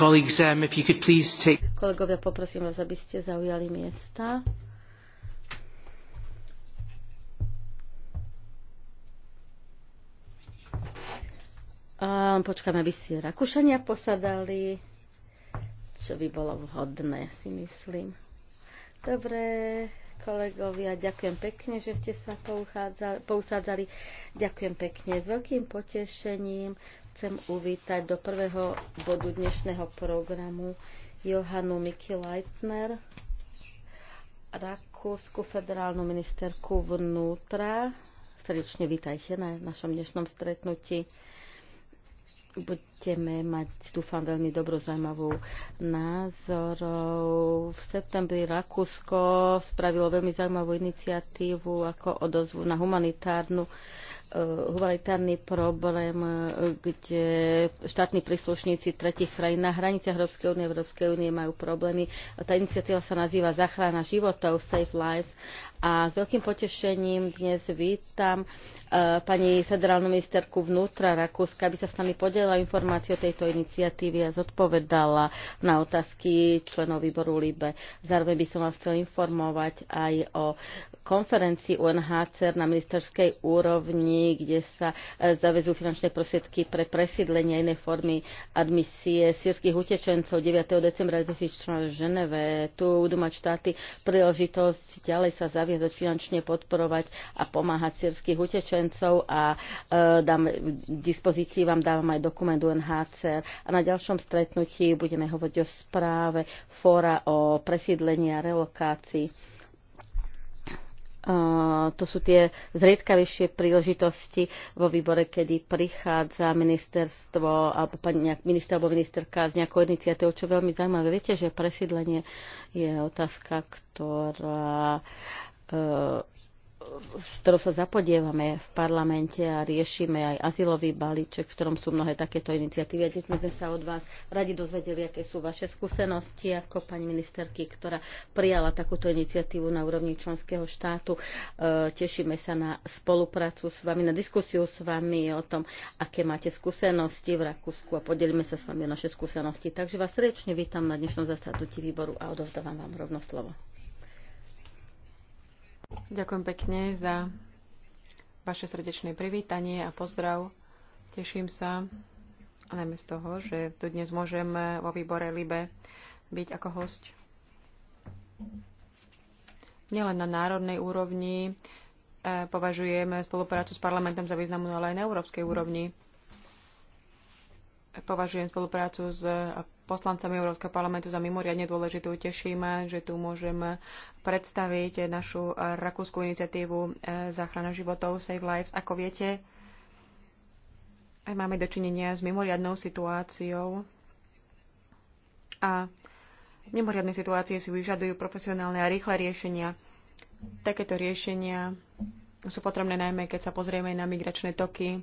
Colleagues, um, if you could please take... Kolegovia, poprosím vás, aby ste zaujali miesta. Um, počkáme, aby si Rakúšania posadali, čo by bolo vhodné, si myslím. Dobre, kolegovia, ďakujem pekne, že ste sa pousádzali. Ďakujem pekne. S veľkým potešením chcem uvítať do prvého bodu dnešného programu Johanu Miki Leitner, rakúsku federálnu ministerku vnútra. Srdečne vítajte na našom dnešnom stretnutí. Budeme mať, dúfam, veľmi dobrú zaujímavú názorov. V septembri Rakúsko spravilo veľmi zaujímavú iniciatívu ako odozvu na humanitárnu uh, Eh, humanitárny problém, eh, kde štátni príslušníci tretich krajín na hraniciach Európskej únie Európskej únie majú problémy. Tá iniciatíva sa nazýva Zachrána životov, Save Lives. A s veľkým potešením dnes vítam eh, pani federálnu ministerku vnútra Rakúska, aby sa s nami podelila informáciu o tejto iniciatíve a zodpovedala na otázky členov výboru LIBE. Zároveň by som vás chcel informovať aj o konferencii UNHCR na ministerskej úrovni ustanovení, kde sa e, zavezú finančné prosiedky pre presídlenie inej formy admisie sírskych utečencov 9. decembra 2014 v Ženeve. Tu budú mať štáty príležitosť ďalej sa zaviazať finančne podporovať a pomáhať sírskych utečencov a e, dám, v dispozícii vám dávam aj dokument UNHCR a na ďalšom stretnutí budeme hovoriť o správe fóra o presídlení a relokácii to sú tie zriedkavejšie príležitosti vo výbore, kedy prichádza ministerstvo alebo pani minister alebo ministerka z nejakou iniciatívou, čo je veľmi zaujímavé. Viete, že presídlenie je otázka, ktorá e, s ktorou sa zapodievame v parlamente a riešime aj azylový balíček, v ktorom sú mnohé takéto iniciatívy. A dnes sme sa od vás radi dozvedeli, aké sú vaše skúsenosti ako pani ministerky, ktorá prijala takúto iniciatívu na úrovni členského štátu. E, tešíme sa na spoluprácu s vami, na diskusiu s vami o tom, aké máte skúsenosti v Rakúsku a podelíme sa s vami o naše skúsenosti. Takže vás srdečne vítam na dnešnom zasadnutí výboru a odovzdávam vám rovno slovo. Ďakujem pekne za vaše srdečné privítanie a pozdrav. Teším sa najmä z toho, že tu dnes môžem vo výbore LIBE byť ako host. Nielen na národnej úrovni e, považujeme spoluprácu s parlamentom za významnú, ale aj na európskej úrovni. Považujem spoluprácu s poslancami Európskeho parlamentu za mimoriadne dôležitú. Tešíme, že tu môžeme predstaviť našu eh, rakúskú iniciatívu eh, Záchrana životov Save Lives. Ako viete, máme dočinenia s mimoriadnou situáciou a mimoriadne situácie si vyžadujú profesionálne a rýchle riešenia. Takéto riešenia sú potrebné najmä, keď sa pozrieme na migračné toky,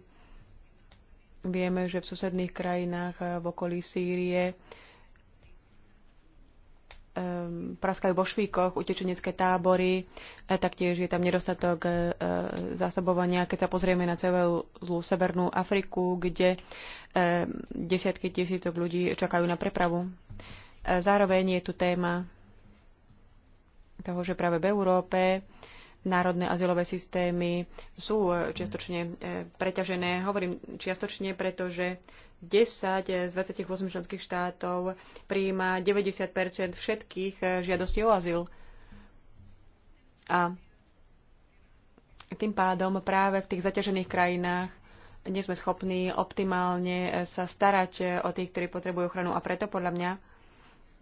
Vieme, že v susedných krajinách eh, v okolí Sýrie eh, praskajú vo švíkoch utečenecké tábory, eh, taktiež je tam nedostatok zásobovania. Keď sa pozrieme na celú zlú Severnú Afriku, kde desiatky tisícok ľudí čakajú na prepravu. Zároveň je tu téma toho, že práve v Európe národné azylové systémy sú e, čiastočne e, preťažené. Hovorím čiastočne, pretože 10 z 28 členských štátov prijíma 90 všetkých e, žiadostí o azyl. A tým pádom práve v tých zaťažených krajinách nie sme schopní optimálne sa starať o tých, ktorí potrebujú ochranu. A preto podľa mňa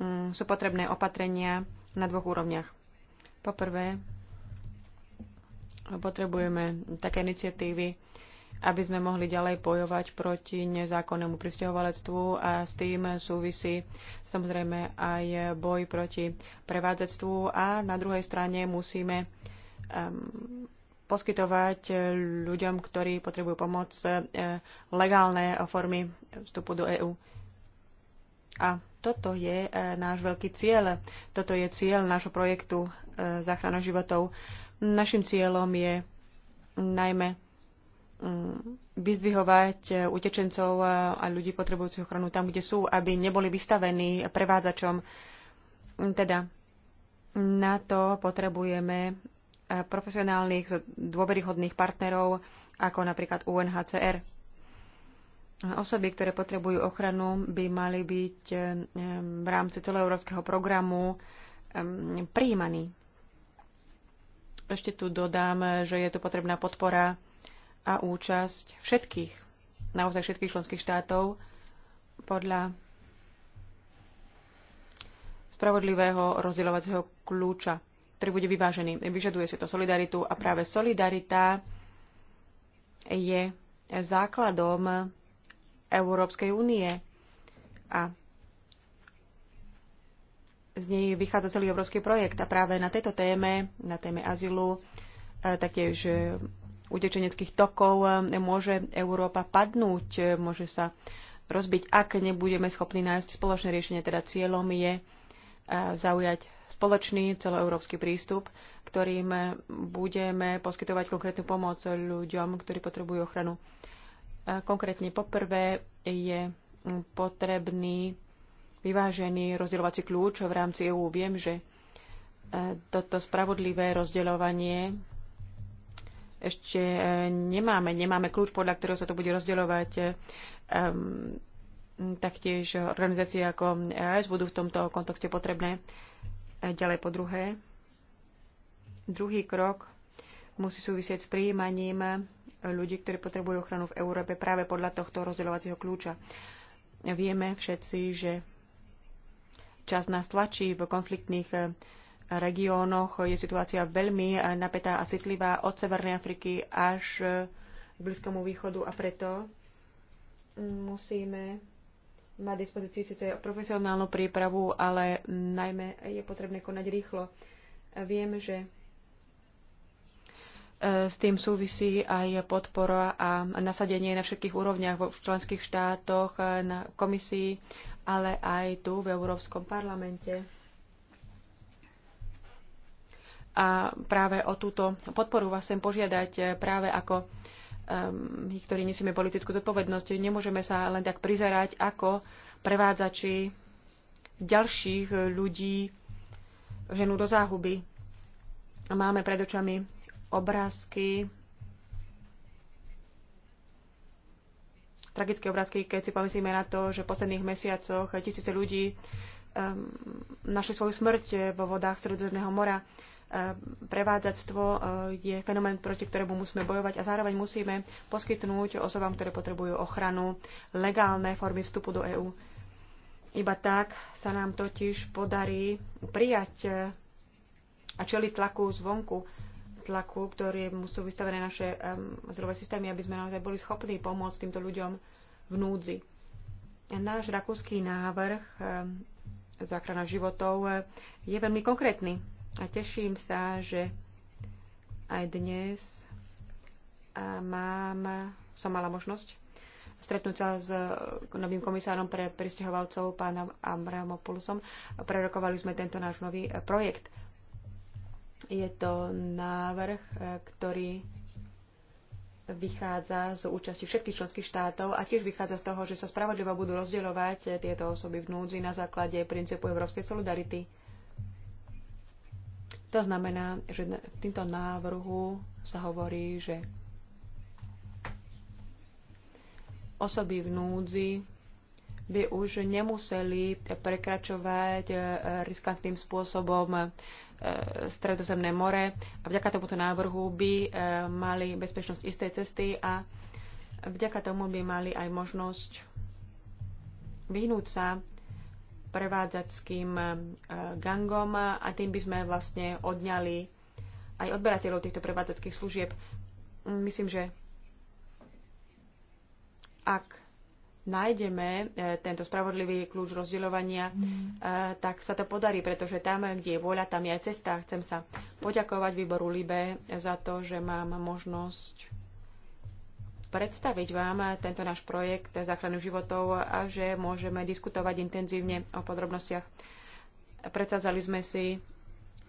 mm, sú potrebné opatrenia na dvoch úrovniach. Poprvé, Potrebujeme také iniciatívy, aby sme mohli ďalej bojovať proti nezákonnému pristahovalectvu a s tým súvisí samozrejme aj boj proti prevádzectvu. a na druhej strane musíme um, poskytovať ľuďom, ktorí potrebujú pomoc, eh, legálne formy vstupu do EÚ. A toto je eh, náš veľký cieľ. Toto je cieľ nášho projektu eh, záchrana životov. Našim cieľom je najmä mm, vyzdvihovať e, utečencov e, a ľudí potrebujúcich ochranu tam, kde sú, aby neboli vystavení prevádzačom. Teda na to potrebujeme e, profesionálnych, dôveryhodných partnerov, ako napríklad UNHCR. Osoby, ktoré potrebujú ochranu, by mali byť v rámci celého európskeho programu prijímaní ešte tu dodám, že je tu potrebná podpora a účasť všetkých, naozaj všetkých členských štátov podľa spravodlivého rozdeľovacieho kľúča, ktorý bude vyvážený. Vyžaduje si to solidaritu a práve solidarita je základom Európskej únie a z nej vychádza celý obrovský projekt a práve na tejto téme, na téme azylu, e, taktiež e, utečeneckých tokov e, môže Európa padnúť, môže sa rozbiť, ak nebudeme schopní nájsť spoločné riešenie. Teda cieľom je zaujať spoločný celoeurópsky prístup, ktorým budeme poskytovať konkrétnu pomoc ľuďom, ktorí potrebujú ochranu. Konkrétne poprvé je potrebný vyvážený rozdeľovací kľúč v rámci EÚ. Viem, že e, toto spravodlivé rozdeľovanie ešte e, nemáme. Nemáme kľúč, podľa ktorého sa to bude rozdeľovať. E, taktiež organizácie ako EAS budú v tomto kontexte potrebné. Ďalej po druhé. Druhý krok musí súvisieť s prijímaním ľudí, ktorí potrebujú ochranu v Európe práve podľa tohto rozdeľovacieho kľúča. Vieme všetci, že Čas nás tlačí v konfliktných eh, regiónoch. Je situácia veľmi eh, napätá a citlivá od Severnej Afriky až eh, k Blízkomu východu a preto musíme mať dispozícii síce profesionálnu prípravu, ale najmä je potrebné konať rýchlo. Viem, že s tým súvisí aj podpora a nasadenie na všetkých úrovniach v členských štátoch, na komisii ale aj tu v Európskom parlamente. A práve o túto podporu vás chcem požiadať eh, práve ako ehm, my, ktorí nesieme politickú zodpovednosť, nemôžeme sa len tak prizerať, ako prevádzači ďalších ľudí ženú do záhuby. Máme pred očami obrázky tragické obrázky, keď si pomyslíme na to, že v posledných mesiacoch tisíce ľudí um, našli svoju smrť vo vodách Sredozemného mora. Ehm, Prevádzactvo eh, je fenomén, proti ktorému musíme bojovať a zároveň musíme poskytnúť osobám, ktoré potrebujú ochranu, legálne formy vstupu do EÚ. Iba tak sa nám totiž podarí prijať eh, a čeliť tlaku zvonku tlaku, ktorému sú vystavené naše um, zdrové systémy, aby sme naozaj boli schopní pomôcť týmto ľuďom v núdzi. Náš rakúsky návrh um, záchrana životov e, je veľmi konkrétny a teším sa, že aj dnes mám, som mala možnosť stretnúť sa s e, novým komisárom pre pristahovalcov, pánom Amramopoulosom. Prerokovali sme tento náš nový e, projekt je to návrh, e, ktorý vychádza z účasti všetkých členských štátov a tiež vychádza z toho, že sa spravodlivo budú rozdeľovať e, tieto osoby v núdzi na základe princípu európskej solidarity. To znamená, že v týmto návrhu sa hovorí, že osoby v núdzi by už nemuseli prekračovať e, riskantným spôsobom E, Stredozemné more a vďaka tomuto návrhu by e, mali bezpečnosť istej cesty a vďaka tomu by mali aj možnosť vyhnúť sa prevádzackým e, gangom a tým by sme vlastne odňali aj odberateľov týchto prevádzackých služieb. Myslím, že ak nájdeme e, tento spravodlivý kľúč rozdeľovania, e, tak sa to podarí, pretože tam, kde je voľa, tam je aj cesta. Chcem sa poďakovať výboru Libe za to, že mám možnosť predstaviť vám tento náš projekt záchranu životov a že môžeme diskutovať intenzívne o podrobnostiach. Predsazali sme si,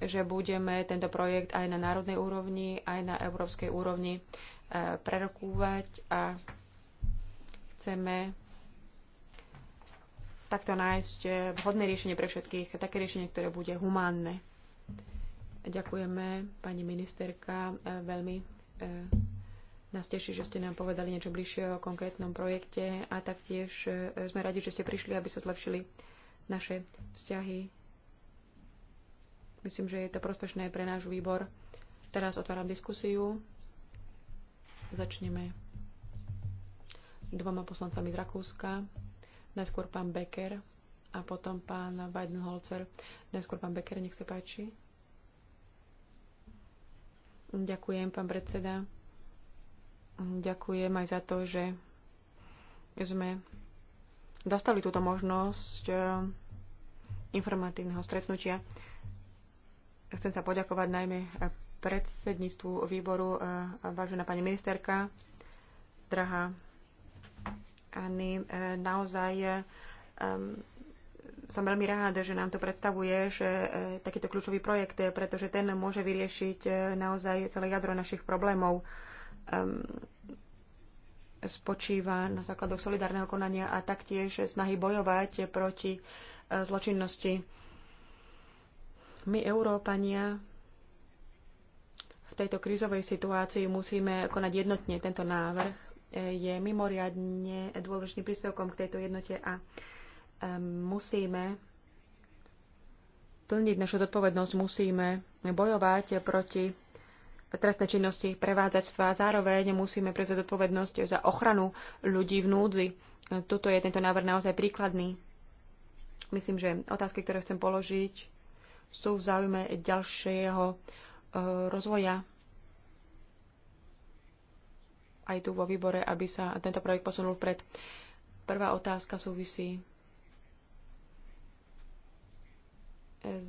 že budeme tento projekt aj na národnej úrovni, aj na európskej úrovni e, prerokúvať a chceme takto nájsť eh, vhodné riešenie pre všetkých, také riešenie, ktoré bude humánne. Ďakujeme, pani ministerka, eh, veľmi eh, nás teší, že ste nám povedali niečo bližšie o konkrétnom projekte a taktiež sme radi, že ste prišli, aby sa zlepšili naše vzťahy. Myslím, že je to prospešné pre náš výbor. Teraz otváram diskusiu. Začneme dvoma poslancami z Rakúska. Najskôr pán Becker a potom pán Weidenholzer. Najskôr pán Becker, nech sa páči. Ďakujem, pán predseda. Ďakujem aj za to, že sme dostali túto možnosť eh, informatívneho stretnutia. Chcem sa poďakovať najmä eh, predsedníctvu výboru, eh, vážená pani ministerka, drahá Anny, e, naozaj e, som veľmi rád, že nám to predstavuješ, e, takýto kľúčový projekt, pretože ten môže vyriešiť naozaj celé jadro našich problémov. Spočíva na základoch solidárneho konania a taktiež snahy bojovať proti zločinnosti. My, Európania, v tejto krízovej situácii musíme konať jednotne tento návrh je mimoriadne dôležitým príspevkom k tejto jednote a musíme plniť našu zodpovednosť, musíme bojovať proti trestnej činnosti prevádzačstva a zároveň musíme prezať zodpovednosť za ochranu ľudí v núdzi. Tuto je tento návrh naozaj príkladný. Myslím, že otázky, ktoré chcem položiť, sú v záujme ďalšieho eh, rozvoja aj tu vo výbore, aby sa tento projekt posunul vpred. Prvá otázka súvisí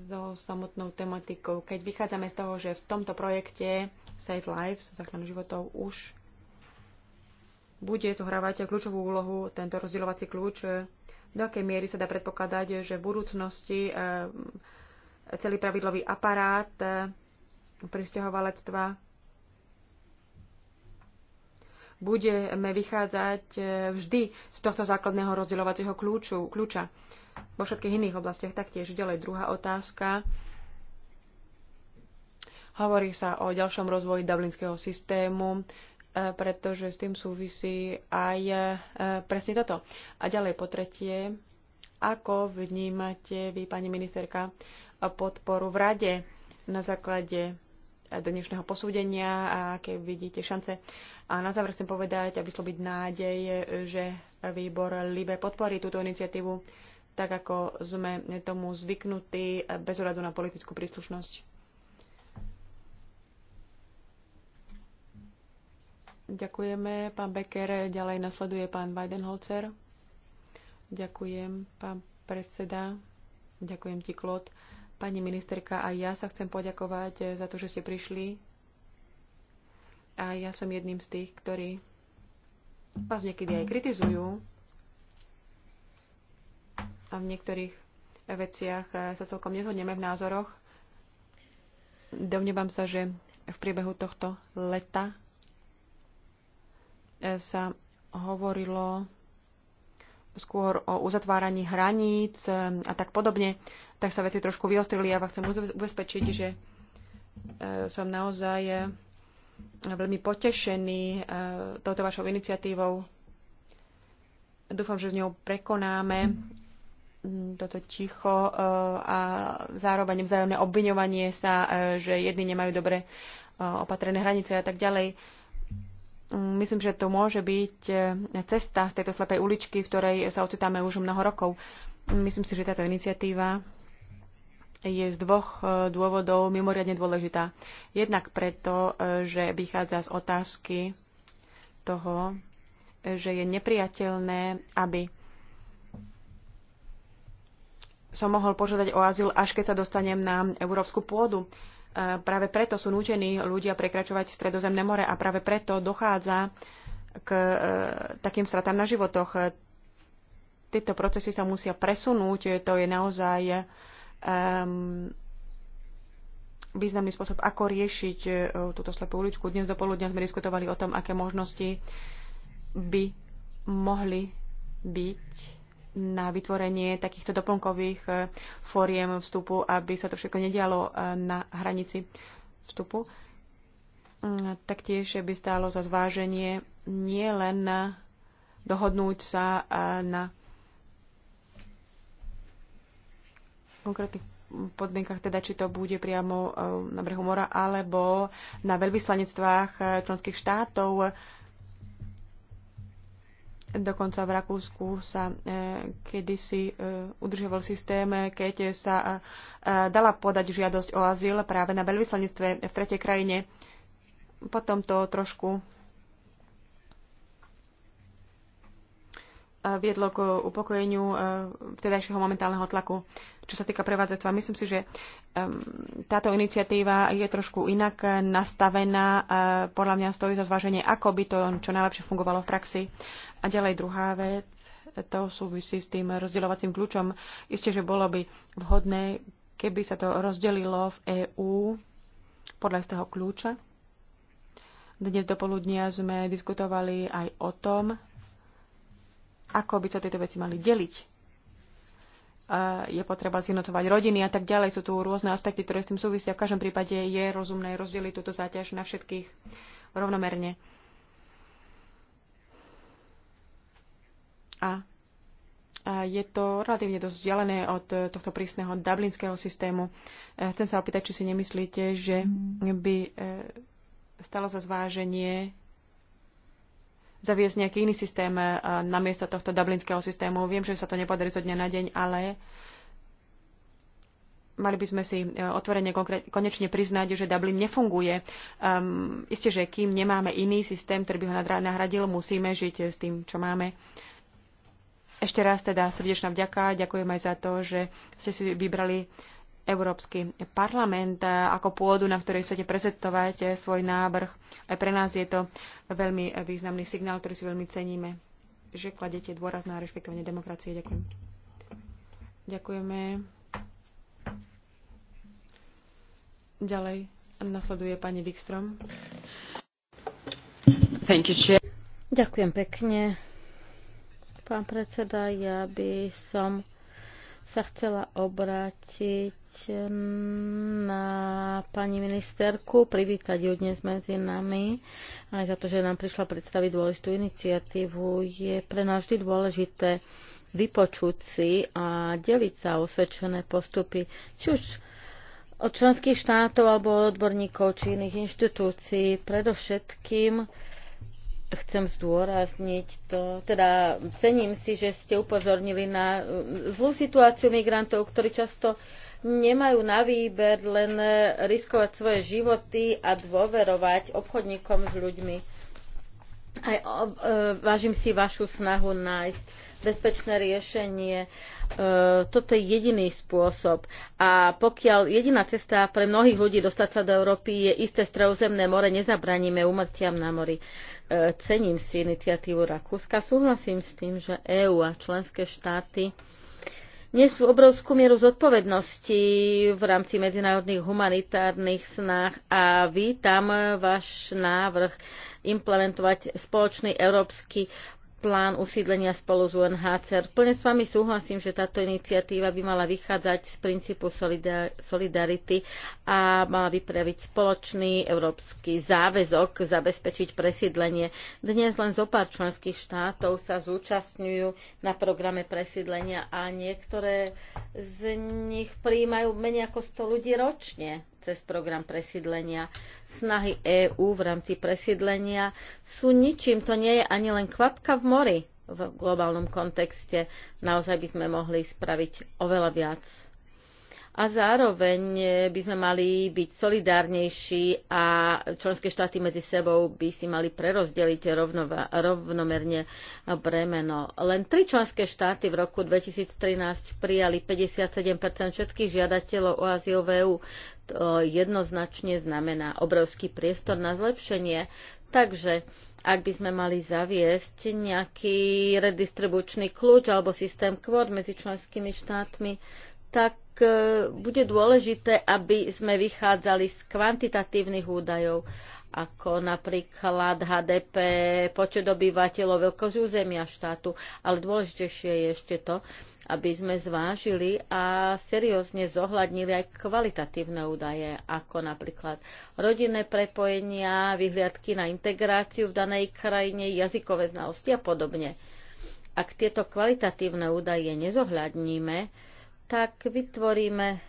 so samotnou tematikou. Keď vychádzame z toho, že v tomto projekte Save Lives, záchranu životov, už bude zohrávať kľúčovú úlohu tento rozdielovací kľúč, do akej miery sa dá predpokladať, že v budúcnosti eh, celý pravidlový aparát eh, pristahovalectva budeme vychádzať e, vždy z tohto základného rozdeľovacieho kľúču, kľúča. Vo všetkých iných oblastiach taktiež. Ďalej druhá otázka. Hovorí sa o ďalšom rozvoji dublinského systému, e, pretože s tým súvisí aj e, presne toto. A ďalej po tretie, ako vnímate vy, pani ministerka, podporu v rade na základe dnešného posúdenia a aké vidíte šance. A na záver chcem povedať a vysloviť nádej, že výbor LIBE podporí túto iniciatívu tak, ako sme tomu zvyknutí, bez ohľadu na politickú príslušnosť. Ďakujeme, pán Becker. Ďalej nasleduje pán Weidenholzer. Ďakujem, pán predseda. Ďakujem ti, Klod. Pani ministerka, aj ja sa chcem poďakovať eh, za to, že ste prišli. A ja som jedným z tých, ktorí vás niekedy aj kritizujú a v niektorých veciach eh, sa celkom nezhodneme v názoroch. Domnievam sa, že v priebehu tohto leta eh, sa hovorilo skôr o uzatváraní hraníc e, a tak podobne, tak sa veci trošku vyostrili. Ja vás chcem ubezpečiť, že e, som naozaj e, veľmi potešený touto vašou iniciatívou. Dúfam, že s ňou prekonáme toto ticho a zároveň vzájomné obviňovanie sa, že jedni nemajú dobre opatrené hranice a tak ďalej. Myslím, že to môže byť e, cesta z tejto slepej uličky, v ktorej sa ocitáme už mnoho rokov. Myslím si, že táto iniciatíva je z dvoch e, dôvodov mimoriadne dôležitá. Jednak preto, e, že vychádza z otázky toho, že je nepriateľné, aby som mohol požiadať o azyl, až keď sa dostanem na európsku pôdu. E, práve preto sú nútení ľudia prekračovať v Stredozemné more a práve preto dochádza k e, takým stratám na životoch. Tieto procesy sa musia presunúť. To je naozaj um, významný spôsob, ako riešiť túto slepú uličku. Dnes do poludňa sme diskutovali o tom, aké možnosti by mohli byť na vytvorenie takýchto doplnkových e, fóriem vstupu, aby sa to všetko nedialo e, na hranici vstupu. Mm, taktiež by stálo za zváženie nie len dohodnúť sa e, na konkrétnych podmienkach, teda či to bude priamo na brehu mora alebo na veľvyslanectvách členských štátov, Dokonca v Rakúsku sa e, kedysi e, udržoval systém, keď sa e, dala podať žiadosť o azyl práve na veľvyslanectve v tretej krajine. Potom to trošku viedlo k upokojeniu vtedajšieho momentálneho tlaku, čo sa týka prevádzajstva. Myslím si, že táto iniciatíva je trošku inak nastavená. Podľa mňa stojí za zváženie, ako by to čo najlepšie fungovalo v praxi. A ďalej druhá vec, to súvisí s tým rozdeľovacím kľúčom. Isté, že bolo by vhodné, keby sa to rozdelilo v EÚ podľa toho kľúča. Dnes dopoludnia sme diskutovali aj o tom, ako by sa tieto veci mali deliť. Je potreba zjednotovať rodiny a tak ďalej. Sú tu rôzne aspekty, ktoré s tým súvisia. V každom prípade je rozumné rozdeliť túto záťaž na všetkých rovnomerne. A je to relatívne dosť vzdialené od e, tohto prísneho dublinského systému. E, chcem sa opýtať, či si nemyslíte, že mhm. by e, stalo za zváženie zaviesť nejaký iný systém namiesto tohto dublinského systému. Viem, že sa to nepodarí zo dňa na deň, ale mali by sme si otvorene konečne priznať, že Dublin nefunguje. Um, isté, že kým nemáme iný systém, ktorý by ho nahradil, musíme žiť s tým, čo máme. Uh, ešte raz teda srdečná vďaka. Ďakujem aj za to, že ste si vybrali Európsky parlament eh, ako pôdu, na ktorej chcete prezentovať eh, svoj návrh. Aj pre nás je to veľmi eh, významný signál, ktorý si veľmi ceníme, že kladete dôraz na rešpektovanie demokracie. Ďakujem. Ďakujeme. Ďalej nasleduje pani Wikström. Thank you, Ďakujem pekne. Pán predseda, ja by som sa chcela obrátiť na pani ministerku, privítať ju dnes medzi nami, aj za to, že nám prišla predstaviť dôležitú iniciatívu. Je pre nás vždy dôležité vypočuť si a deliť sa osvedčené postupy, či už od členských štátov alebo odborníkov či iných inštitúcií. Predovšetkým chcem zdôrazniť to, teda cením si, že ste upozornili na e, zlú situáciu migrantov, ktorí často nemajú na výber len riskovať svoje životy a dôverovať obchodníkom s ľuďmi. Aj o, e, vážim si vašu snahu nájsť bezpečné riešenie. E, toto je jediný spôsob. A pokiaľ jediná cesta pre mnohých ľudí dostať sa do Európy je isté stredozemné more, nezabraníme umrtiam na mori. E, cením si iniciatívu Rakúska. Súhlasím s tým, že EÚ a členské štáty nesú obrovskú mieru zodpovednosti v rámci medzinárodných humanitárnych snách a vítam váš návrh implementovať spoločný európsky plán usídlenia spolu s UNHCR. Plne s vami súhlasím, že táto iniciatíva by mala vychádzať z princípu solidarity a mala vypraviť spoločný európsky záväzok zabezpečiť presídlenie. Dnes len zo pár členských štátov sa zúčastňujú na programe presídlenia a niektoré z nich prijímajú menej ako 100 ľudí ročne cez program presídlenia. Snahy EÚ v rámci presídlenia sú ničím, to nie je ani len kvapka v mori v globálnom kontexte. Naozaj by sme mohli spraviť oveľa viac a zároveň eh, by sme mali byť solidárnejší a členské štáty medzi sebou by si mali prerozdeliť rovnova, rovnomerne bremeno. Len tri členské štáty v roku 2013 prijali 57 všetkých žiadateľov o azyl v EU. To jednoznačne znamená obrovský priestor na zlepšenie. Takže ak by sme mali zaviesť nejaký redistribučný kľúč alebo systém kvót medzi členskými štátmi, tak e, bude dôležité, aby sme vychádzali z kvantitatívnych údajov, ako napríklad HDP, počet obyvateľov, veľkosť územia štátu. Ale dôležitejšie je ešte to, aby sme zvážili a seriózne zohľadnili aj kvalitatívne údaje, ako napríklad rodinné prepojenia, vyhliadky na integráciu v danej krajine, jazykové znalosti a podobne. Ak tieto kvalitatívne údaje nezohľadníme, tak vytvoríme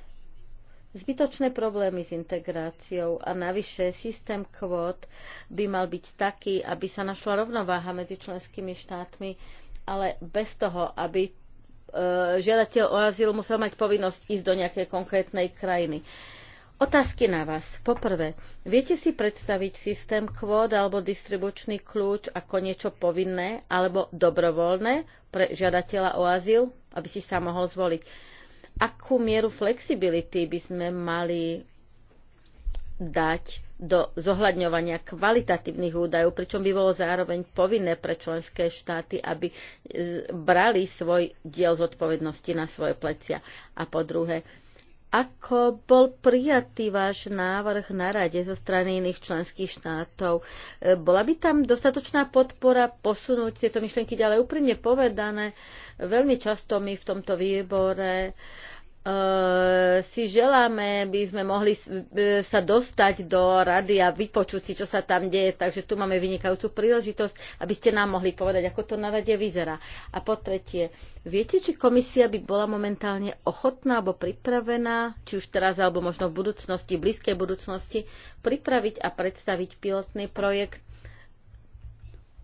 zbytočné problémy s integráciou a navyše systém kvót by mal byť taký, aby sa našla rovnováha medzi členskými štátmi, ale bez toho, aby e, žiadateľ o azyl musel mať povinnosť ísť do nejakej konkrétnej krajiny. Otázky na vás. Poprvé, viete si predstaviť systém kvót alebo distribučný kľúč ako niečo povinné alebo dobrovoľné pre žiadateľa o azyl, aby si sa mohol zvoliť? akú mieru flexibility by sme mali dať do zohľadňovania kvalitatívnych údajov, pričom by bolo zároveň povinné pre členské štáty, aby e, brali svoj diel zodpovednosti na svoje plecia. A po druhé, ako bol prijatý váš návrh na rade zo strany iných členských štátov? E, bola by tam dostatočná podpora posunúť tieto myšlienky ďalej? Úprimne povedané, veľmi často my v tomto výbore Eh, si želáme, by sme mohli eh, sa dostať do rady a vypočuť si, čo sa tam deje. Takže tu máme vynikajúcu príležitosť, aby ste nám mohli povedať, ako to na rade vyzerá. A po tretie, viete, či komisia by bola momentálne ochotná alebo pripravená, či už teraz alebo možno v budúcnosti, v blízkej budúcnosti, pripraviť a predstaviť pilotný projekt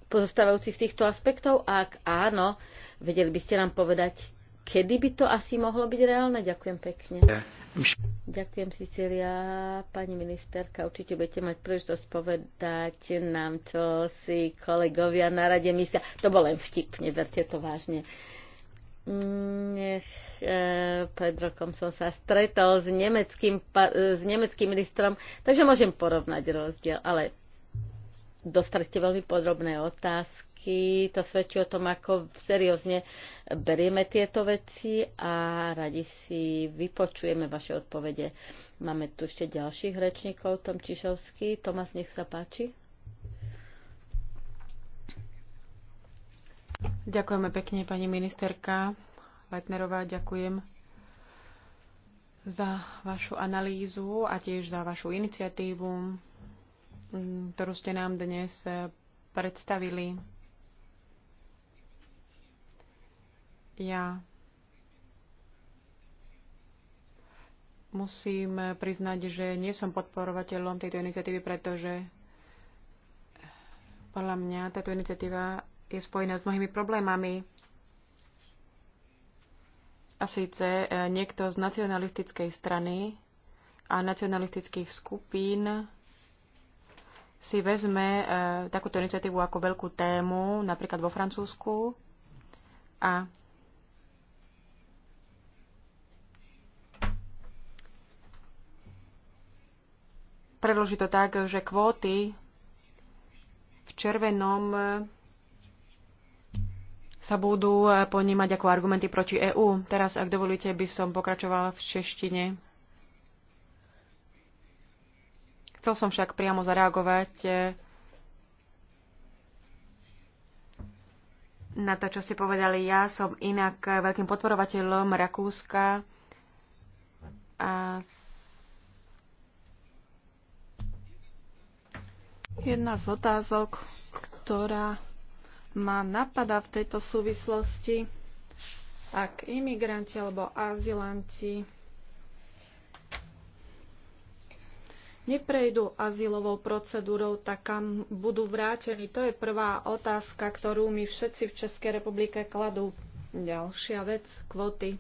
pozostávajúci z týchto aspektov? A ak áno, vedeli by ste nám povedať, kedy by to asi mohlo byť reálne? Ďakujem pekne. Ďakujem, Cecilia. Pani ministerka, určite budete mať príležitosť povedať nám, čo si kolegovia na rade myslia. To bol len vtip, neberte to vážne. Nech, e, pred rokom som sa stretol s nemeckým, pa, e, s nemeckým ministrom, takže môžem porovnať rozdiel, ale Dostali ste veľmi podrobné otázky. To svedčí o tom, ako seriózne berieme tieto veci a radi si vypočujeme vaše odpovede. Máme tu ešte ďalších rečníkov. Tom Čišovský. Tomas, nech sa páči. Ďakujeme pekne, pani ministerka Leitnerová. Ďakujem za vašu analýzu a tiež za vašu iniciatívu ktorú ste nám dnes eh, predstavili. Ja musím priznať, že nie som podporovateľom tejto iniciatívy, pretože podľa mňa táto iniciatíva je spojená s mnohými problémami. A síce eh, niekto z nacionalistickej strany a nacionalistických skupín si vezme e, takúto iniciatívu ako veľkú tému, napríklad vo Francúzsku, a predloží to tak, že kvóty v červenom e, sa budú e, ponímať ako argumenty proti EÚ. Teraz, ak dovolíte, by som pokračovala v češtine. Chcel som však priamo zareagovať eh, na to, čo ste povedali. Ja som inak veľkým podporovateľom Rakúska a Jedna z otázok, ktorá ma napadá v tejto súvislosti, ak imigranti alebo azilanti neprejdú azylovou procedúrou, tak kam budú vrátení? To je prvá otázka, ktorú mi všetci v Českej republike kladú. Ďalšia vec, kvoty.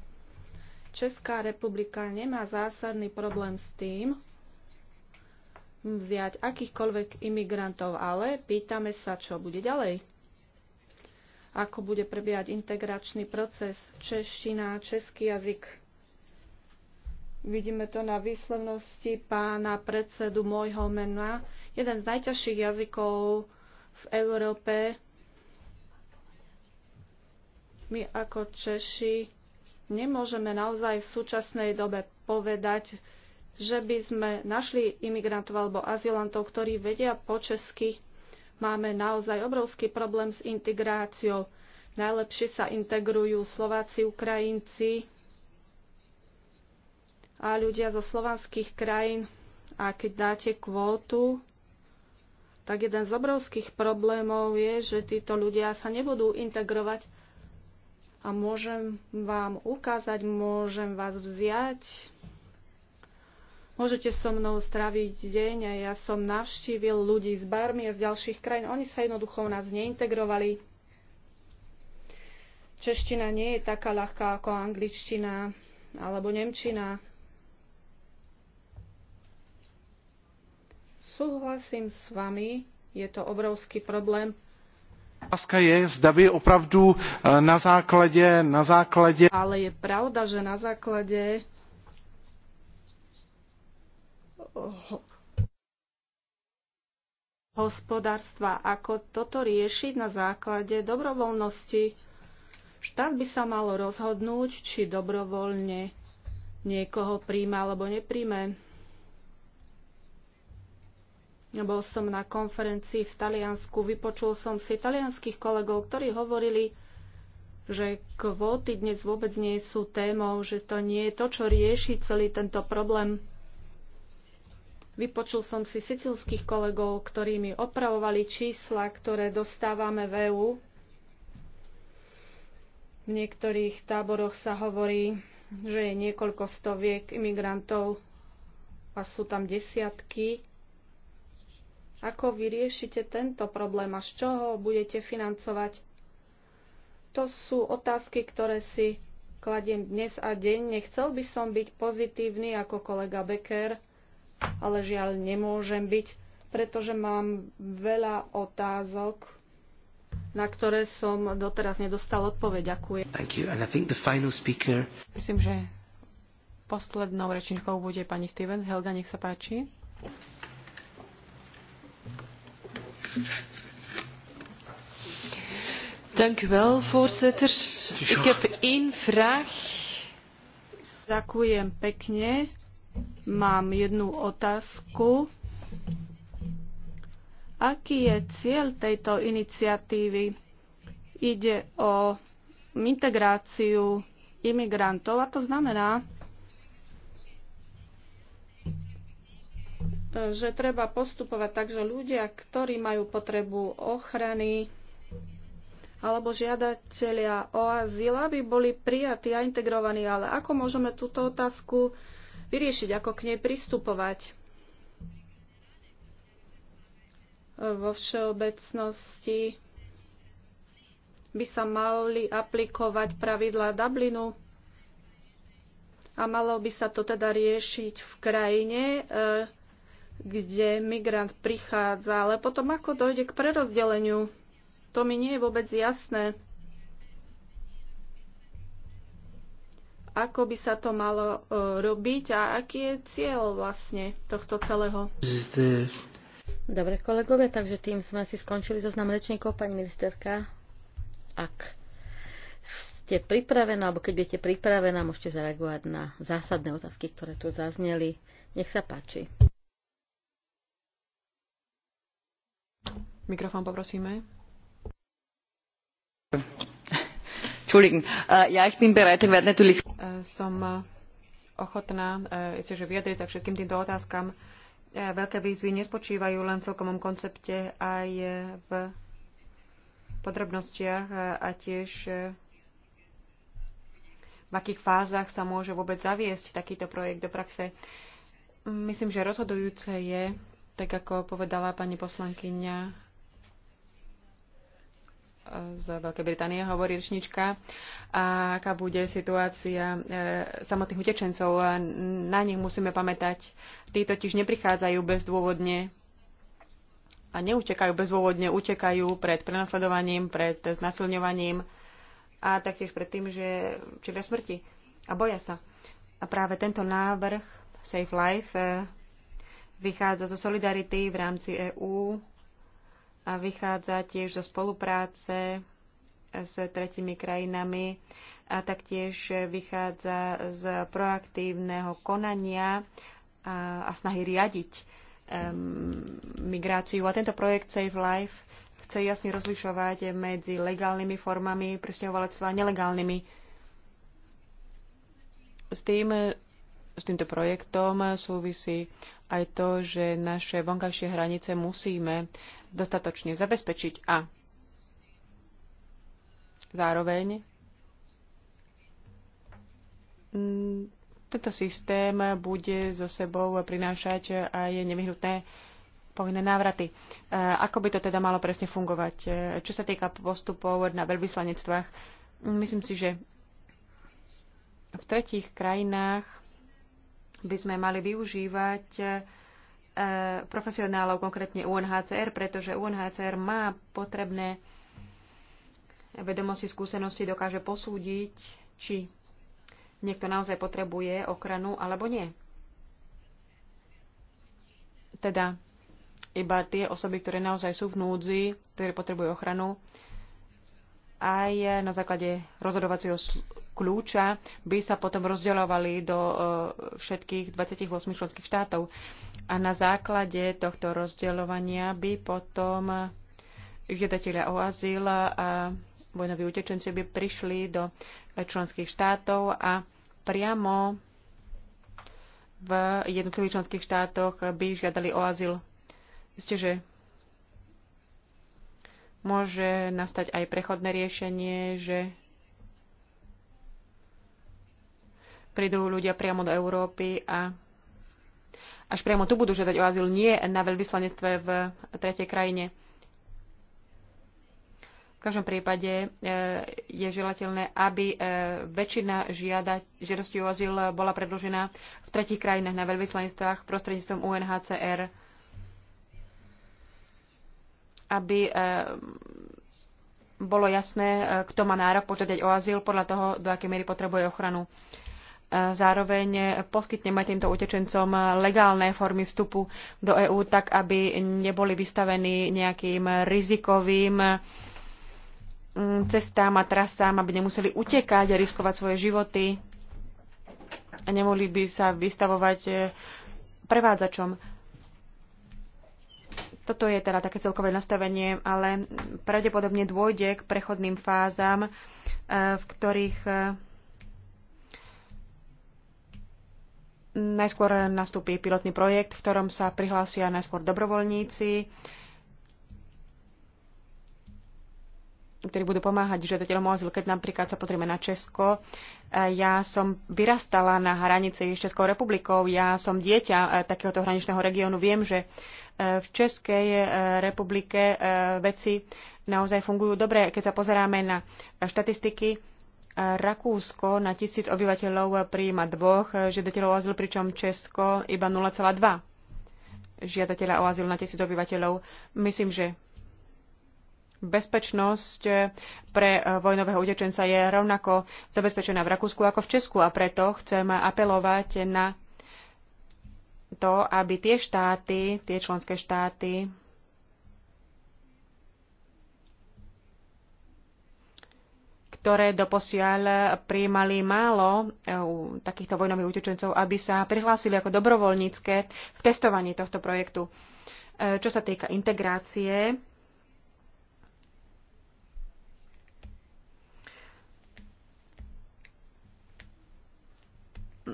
Česká republika nemá zásadný problém s tým vziať akýchkoľvek imigrantov, ale pýtame sa, čo bude ďalej. Ako bude prebiehať integračný proces, čeština, český jazyk, Vidíme to na výslovnosti pána predsedu môjho mena. Jeden z najťažších jazykov v Európe. My ako Češi nemôžeme naozaj v súčasnej dobe povedať, že by sme našli imigrantov alebo azylantov, ktorí vedia po česky. Máme naozaj obrovský problém s integráciou. Najlepšie sa integrujú Slováci, Ukrajinci, a ľudia zo slovanských krajín. A keď dáte kvótu, tak jeden z obrovských problémov je, že títo ľudia sa nebudú integrovať. A môžem vám ukázať, môžem vás vziať. Môžete so mnou straviť deň a ja som navštívil ľudí z Barmy a z ďalších krajín. Oni sa jednoducho u nás neintegrovali. Čeština nie je taká ľahká ako angličtina alebo nemčina. Súhlasím s vami, je to obrovský problém. Otázka je, zda by opravdu e, na základe, na základe... Ale je pravda, že na základe hospodárstva, ako toto riešiť na základe dobrovoľnosti. Štát by sa mal rozhodnúť, či dobrovoľne niekoho príjma alebo nepríjme. Bol som na konferencii v Taliansku, vypočul som si talianských kolegov, ktorí hovorili, že kvóty dnes vôbec nie sú témou, že to nie je to, čo rieši celý tento problém. Vypočul som si sicilských kolegov, ktorí mi opravovali čísla, ktoré dostávame v EU. V niektorých táboroch sa hovorí, že je niekoľko stoviek imigrantov a sú tam desiatky ako vyriešite tento problém a z čoho budete financovať? To sú otázky, ktoré si kladiem dnes a deň. Nechcel by som byť pozitívny ako kolega Becker, ale žiaľ nemôžem byť, pretože mám veľa otázok, na ktoré som doteraz nedostal odpoveď. Ďakujem. Speaker... Myslím, že poslednou rečníkou bude pani Steven. Helga, nech sa páči. Dank u wel, voorzitter. Ik heb één vraag. Ďakujem pekne. Mám jednu otázku. Aký je cieľ tejto iniciatívy? Ide o integráciu imigrantov a to znamená, že treba postupovať tak, že ľudia, ktorí majú potrebu ochrany alebo žiadatelia o azyl, aby boli prijatí a integrovaní. Ale ako môžeme túto otázku vyriešiť, ako k nej pristupovať? Vo všeobecnosti by sa mali aplikovať pravidlá Dublinu a malo by sa to teda riešiť v krajine, eh, kde migrant prichádza, ale potom ako dojde k prerozdeleniu, to mi nie je vôbec jasné. Ako by sa to malo e, robiť a aký je cieľ vlastne tohto celého? Dobre, kolegovia, takže tým sme si skončili zoznam rečníkov. Pani ministerka, ak ste pripravená, alebo keď budete pripravená, môžete zareagovať na zásadné otázky, ktoré tu zazneli. Nech sa páči. Mikrofón poprosíme. Entschuldigen. Äh, ja, ich bin bereit ich werde natürlich... Äh, som äh, ochotná že vyjadriť sa všetkým týmto otázkam. Veľké výzvy nespočívajú len v celkomom koncepte, aj v podrobnostiach a tiež v akých fázach sa môže vôbec zaviesť takýto projekt do praxe. Myslím, že rozhodujúce je, tak ako povedala pani poslankyňa z Veľkej Británie, hovorí rečnička, a aká bude situácia e, samotných utečencov. a Na nich musíme pamätať. Tí totiž neprichádzajú bezdôvodne a neutekajú bezdôvodne, utekajú pred prenasledovaním, pred znasilňovaním a taktiež pred tým, že čelia smrti a boja sa. A práve tento návrh Safe Life e, vychádza zo solidarity v rámci EÚ a vychádza tiež zo spolupráce s tretimi krajinami a taktiež vychádza z proaktívneho konania a, a snahy riadiť um, migráciu. A tento projekt Save Life chce jasne rozlišovať medzi legálnymi formami presťahovalectva a nelegálnymi. S, tým, s týmto projektom súvisí aj to, že naše vonkajšie hranice musíme dostatočne zabezpečiť a zároveň mm, tento systém bude so sebou prinášať aj nevyhnutné povinné návraty. E, ako by to teda malo presne fungovať? E, čo sa týka postupov na veľvyslanectvách, myslím si, že v tretích krajinách by sme mali využívať Eh, profesionálov, konkrétne UNHCR, pretože UNHCR má potrebné vedomosti, skúsenosti, dokáže posúdiť, či niekto naozaj potrebuje ochranu alebo nie. Teda iba tie osoby, ktoré naozaj sú v núdzi, ktoré potrebujú ochranu, aj na základe rozhodovacieho kľúča by sa potom rozdeľovali do e, všetkých 28 členských štátov. A na základe tohto rozdeľovania by potom žiadatelia o azyl a vojnoví utečenci by prišli do členských štátov a priamo v jednotlivých členských štátoch by žiadali o azyl. Isté, že Môže nastať aj prechodné riešenie, že prídu ľudia priamo do Európy a až priamo tu budú žiadať o azyl, nie na veľvyslanectve v tretej krajine. V každom prípade e, je želateľné, aby e, väčšina žiadosti o azyl bola predložená v tretich krajinách na veľvyslanectvách prostredníctvom UNHCR aby eh, bolo jasné, eh, kto má nárok požiadať o azyl podľa toho, do akej miery potrebuje ochranu. Eh, zároveň poskytneme týmto utečencom legálne formy vstupu do EÚ, tak aby neboli vystavení nejakým rizikovým mm, cestám a trasám, aby nemuseli utekať a riskovať svoje životy a nemohli by sa vystavovať prevádzačom toto je teda také celkové nastavenie, ale pravdepodobne dôjde k prechodným fázam, e, v ktorých e, najskôr nastúpi pilotný projekt, v ktorom sa prihlásia najskôr dobrovoľníci, ktorí budú pomáhať žiadateľom o azyl. Keď napríklad sa pozrieme na Česko, e, ja som vyrastala na hranici s Českou republikou, ja som dieťa e, takéhoto hraničného regiónu, viem, že e, v Českej republike veci naozaj fungujú dobre. Keď sa pozeráme na štatistiky, Rakúsko na tisíc obyvateľov prijíma dvoch žiadateľov o azyl, pričom Česko iba 0,2 žiadateľa o azyl na tisíc obyvateľov. Myslím, že bezpečnosť eh, pre eh, vojnového utečenca je rovnako zabezpečená v Rakúsku ako v Česku a preto chcem apelovať na to, aby tie štáty, tie členské štáty ktoré doposiaľ prijímali málo eh, takýchto vojnových utečencov, aby sa prihlásili ako dobrovoľnícke v testovaní tohto projektu. Čo sa týka integrácie,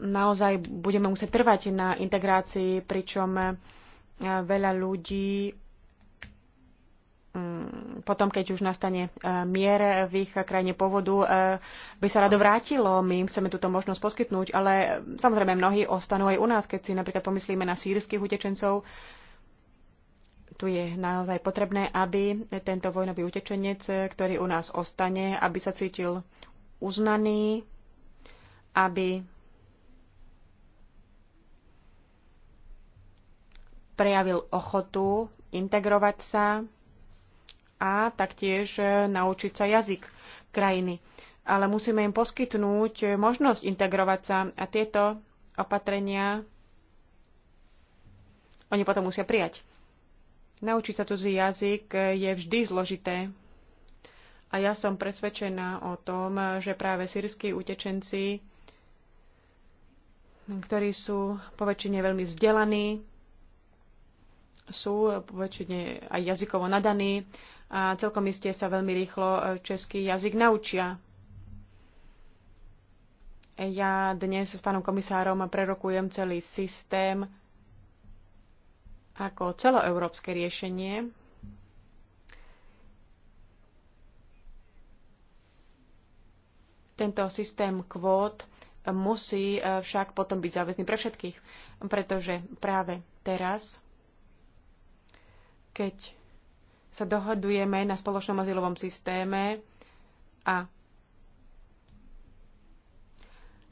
naozaj budeme musieť trvať na integrácii, pričom eh, veľa ľudí mm, potom, keď už nastane eh, mier v ich krajine pôvodu, eh, by sa rado vrátilo. My im chceme túto možnosť poskytnúť, ale samozrejme mnohí ostanú aj u nás, keď si napríklad pomyslíme na sírskych utečencov. Tu je naozaj potrebné, aby tento vojnový utečenec, ktorý u nás ostane, aby sa cítil uznaný, aby prejavil ochotu integrovať sa a taktiež e, naučiť sa jazyk krajiny. Ale musíme im poskytnúť možnosť integrovať sa a tieto opatrenia oni potom musia prijať. Naučiť sa cudzí jazyk je vždy zložité. A ja som presvedčená o tom, že práve sírsky utečenci, ktorí sú poväčšine veľmi vzdelaní, sú eh, väčšine aj jazykovo nadaní a celkom iste sa veľmi rýchlo eh, český jazyk naučia. Ja dnes s pánom komisárom prerokujem celý systém ako celoeurópske riešenie. Tento systém kvót musí eh, však potom byť záväzný pre všetkých, pretože práve teraz keď sa dohodujeme na spoločnom azylovom systéme a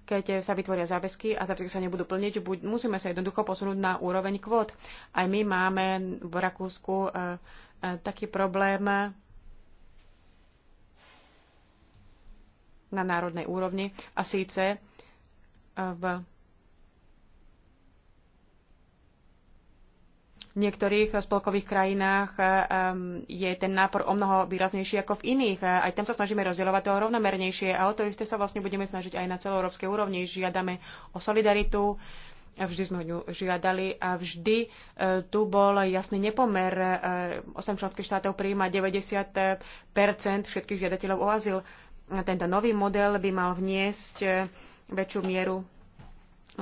keď sa vytvoria záväzky a záväzky sa nebudú plniť, buď, musíme sa jednoducho posunúť na úroveň kvót. Aj my máme v Rakúsku e, e, taký problém na národnej úrovni a síce e, v niektorých spolkových krajinách eh, je ten nápor o mnoho výraznejší ako v iných. Eh, aj tam sa snažíme rozdielovať to rovnomernejšie a o to isté sa vlastne budeme snažiť aj na celoeurópskej úrovni. Žiadame o solidaritu, eh, vždy sme ho žiadali a vždy tu bol jasný nepomer. 8 členských štátov prijíma 90 všetkých žiadateľov o azyl. Tento nový model by mal vniesť väčšiu mieru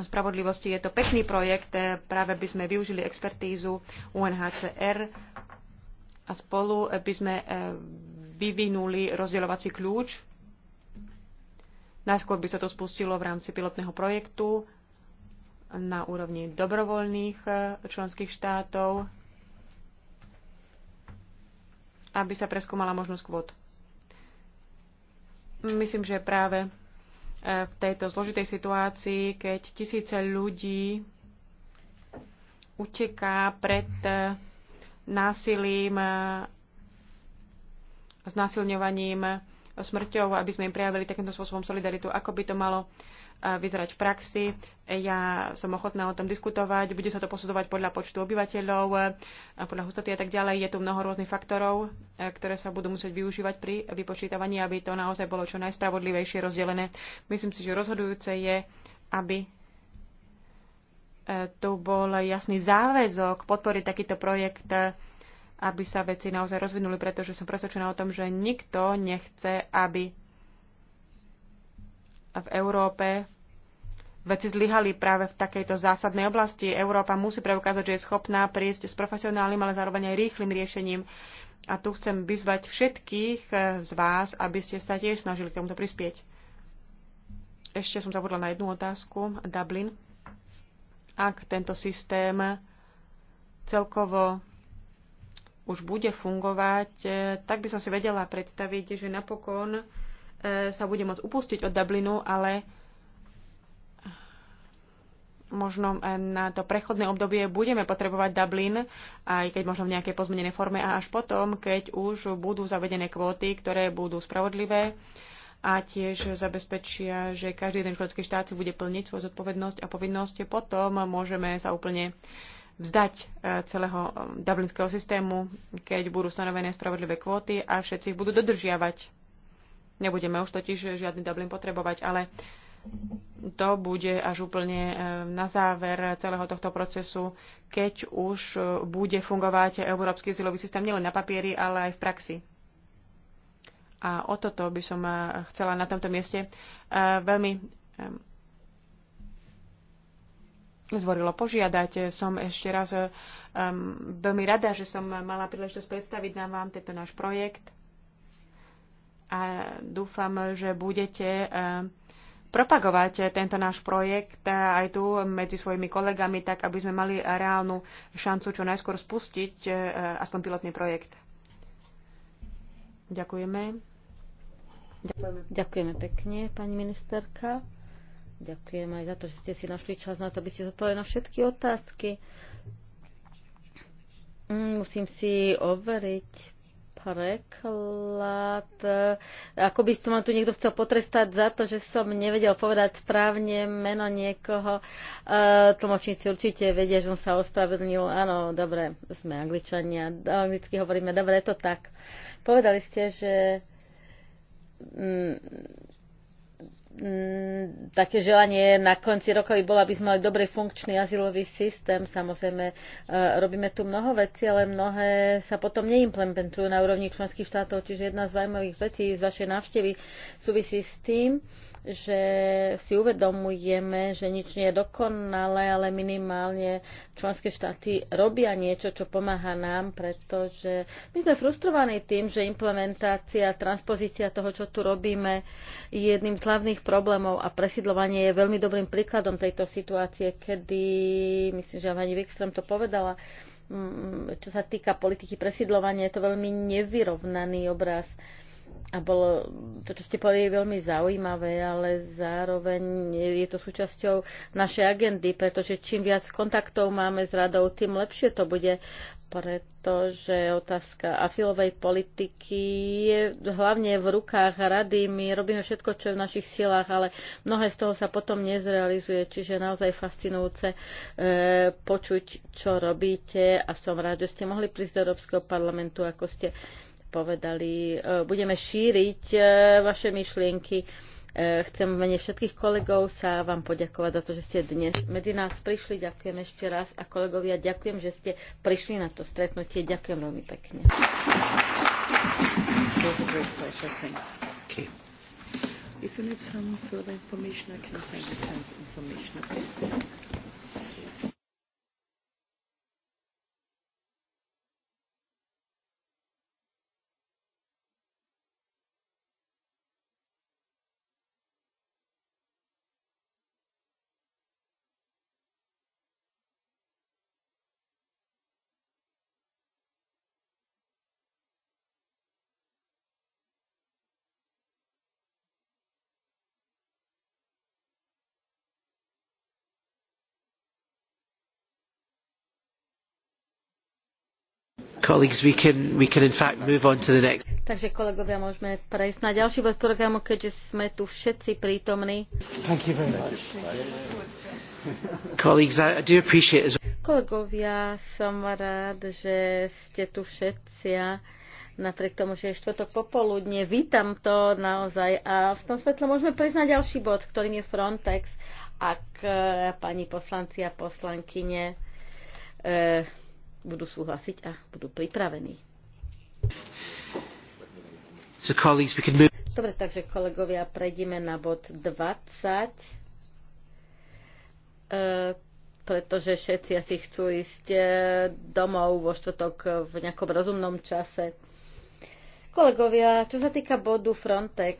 spravodlivosti. Je to pekný projekt, eh, práve by sme využili expertízu UNHCR a spolu eh, by sme eh, vyvinuli rozdeľovací kľúč. Najskôr by sa to spustilo v rámci pilotného projektu na úrovni dobrovoľných členských štátov, aby sa preskúmala možnosť kvót. Myslím, že práve v tejto zložitej situácii, keď tisíce ľudí uteká pred eh, násilím, eh, znásilňovaním, smrťou, aby sme im prejavili takýmto spôsobom solidaritu. Ako by to malo vyzerať v praxi. Ja som ochotná o tom diskutovať. Bude sa to posudzovať podľa počtu obyvateľov, podľa hustoty a tak ďalej. Je tu mnoho rôznych faktorov, ktoré sa budú musieť využívať pri vypočítavaní, aby to naozaj bolo čo najspravodlivejšie rozdelené. Myslím si, že rozhodujúce je, aby e, tu bol jasný záväzok podporiť takýto projekt, aby sa veci naozaj rozvinuli, pretože som presvedčená o tom, že nikto nechce, aby v Európe veci zlyhali práve v takejto zásadnej oblasti. Európa musí preukázať, že je schopná prísť s profesionálnym, ale zároveň aj rýchlým riešením. A tu chcem vyzvať všetkých eh, z vás, aby ste sa tiež snažili k tomuto prispieť. Ešte som zabudla na jednu otázku. Dublin. Ak tento systém celkovo už bude fungovať, eh, tak by som si vedela predstaviť, že napokon sa bude môcť upustiť od Dublinu, ale možno eh, na to prechodné obdobie budeme potrebovať Dublin, aj keď možno v nejakej pozmenenej forme a až potom, keď už budú zavedené kvóty, ktoré budú spravodlivé a tiež zabezpečia, že každý jeden členský štát si bude plniť svoju zodpovednosť a povinnosť. Potom môžeme sa úplne vzdať eh, celého eh, dublinského systému, keď budú stanovené spravodlivé kvóty a všetci ich budú dodržiavať. Nebudeme už totiž žiadny Dublin potrebovať, ale to bude až úplne eh, na záver celého tohto procesu, keď už eh, bude fungovať európsky zilový systém nielen na papieri, ale aj v praxi. A o toto by som eh, chcela na tomto mieste veľmi ehm, zvorilo požiadať. Som ešte raz ehm, veľmi rada, že som mala príležitosť predstaviť nám vám tento náš projekt a dúfam, že budete eh, propagovať tento náš projekt aj tu medzi svojimi kolegami, tak aby sme mali reálnu šancu čo najskôr spustiť eh, aspoň pilotný projekt. Ďakujeme. Ďakujeme, pekne, pani ministerka. Ďakujem aj za to, že ste si našli čas na to, aby ste zodpovedali na všetky otázky. Mm, musím si overiť preklad. Ako by ma tu niekto chcel potrestať za to, že som nevedel povedať správne meno niekoho. E, tlmočníci určite vedia, že som sa ospravedlnil. Áno, dobre, sme angličania, anglicky hovoríme, dobre, je to tak. Povedali ste, že mm, Mm, také želanie na konci roka by bolo, aby sme mali dobrý funkčný azylový systém. Samozrejme, e, robíme tu mnoho vecí, ale mnohé sa potom neimplementujú na úrovni členských štátov. Čiže jedna z zaujímavých vecí z vašej návštevy súvisí s tým, že si uvedomujeme, že nič nie je dokonalé, ale minimálne členské štáty robia niečo, čo pomáha nám, pretože my sme frustrovaní tým, že implementácia, transpozícia toho, čo tu robíme, je jedným z hlavných problémov a presidlovanie je veľmi dobrým príkladom tejto situácie, kedy, myslím, že ani Wikström to povedala, mm, čo sa týka politiky presidlovania, je to veľmi nevyrovnaný obraz a bolo, to, čo ste povedali, veľmi zaujímavé, ale zároveň je to súčasťou našej agendy, pretože čím viac kontaktov máme s radou, tým lepšie to bude, pretože otázka asilovej politiky je hlavne v rukách rady. My robíme všetko, čo je v našich silách, ale mnohé z toho sa potom nezrealizuje, čiže je naozaj fascinujúce e, počuť, čo robíte a som rád, že ste mohli prísť do Európskeho parlamentu, ako ste povedali. E, budeme šíriť e, vaše myšlienky. E, chcem v mene všetkých kolegov sa vám poďakovať za to, že ste dnes medzi nás prišli. Ďakujem ešte raz a kolegovia, ďakujem, že ste prišli na to stretnutie. Ďakujem veľmi pekne. If you need some further information, I can send you some information. Okay? Takže kolegovia, môžeme prejsť na ďalší bod programu, keďže sme tu všetci prítomní. Kolegovia, som rád, že ste tu všetci a napriek tomu, že je štvrtok popoludne, vítam to naozaj a v tom svetle môžeme prejsť na ďalší bod, ktorým je Frontex, ak eh, pani poslanci a poslankyne eh, budú súhlasiť a budú pripravení. So Dobre, takže kolegovia, prejdime na bod 20, e, pretože všetci asi chcú ísť e, domov vo štvrtok v nejakom rozumnom čase. Kolegovia, čo sa týka bodu Frontex,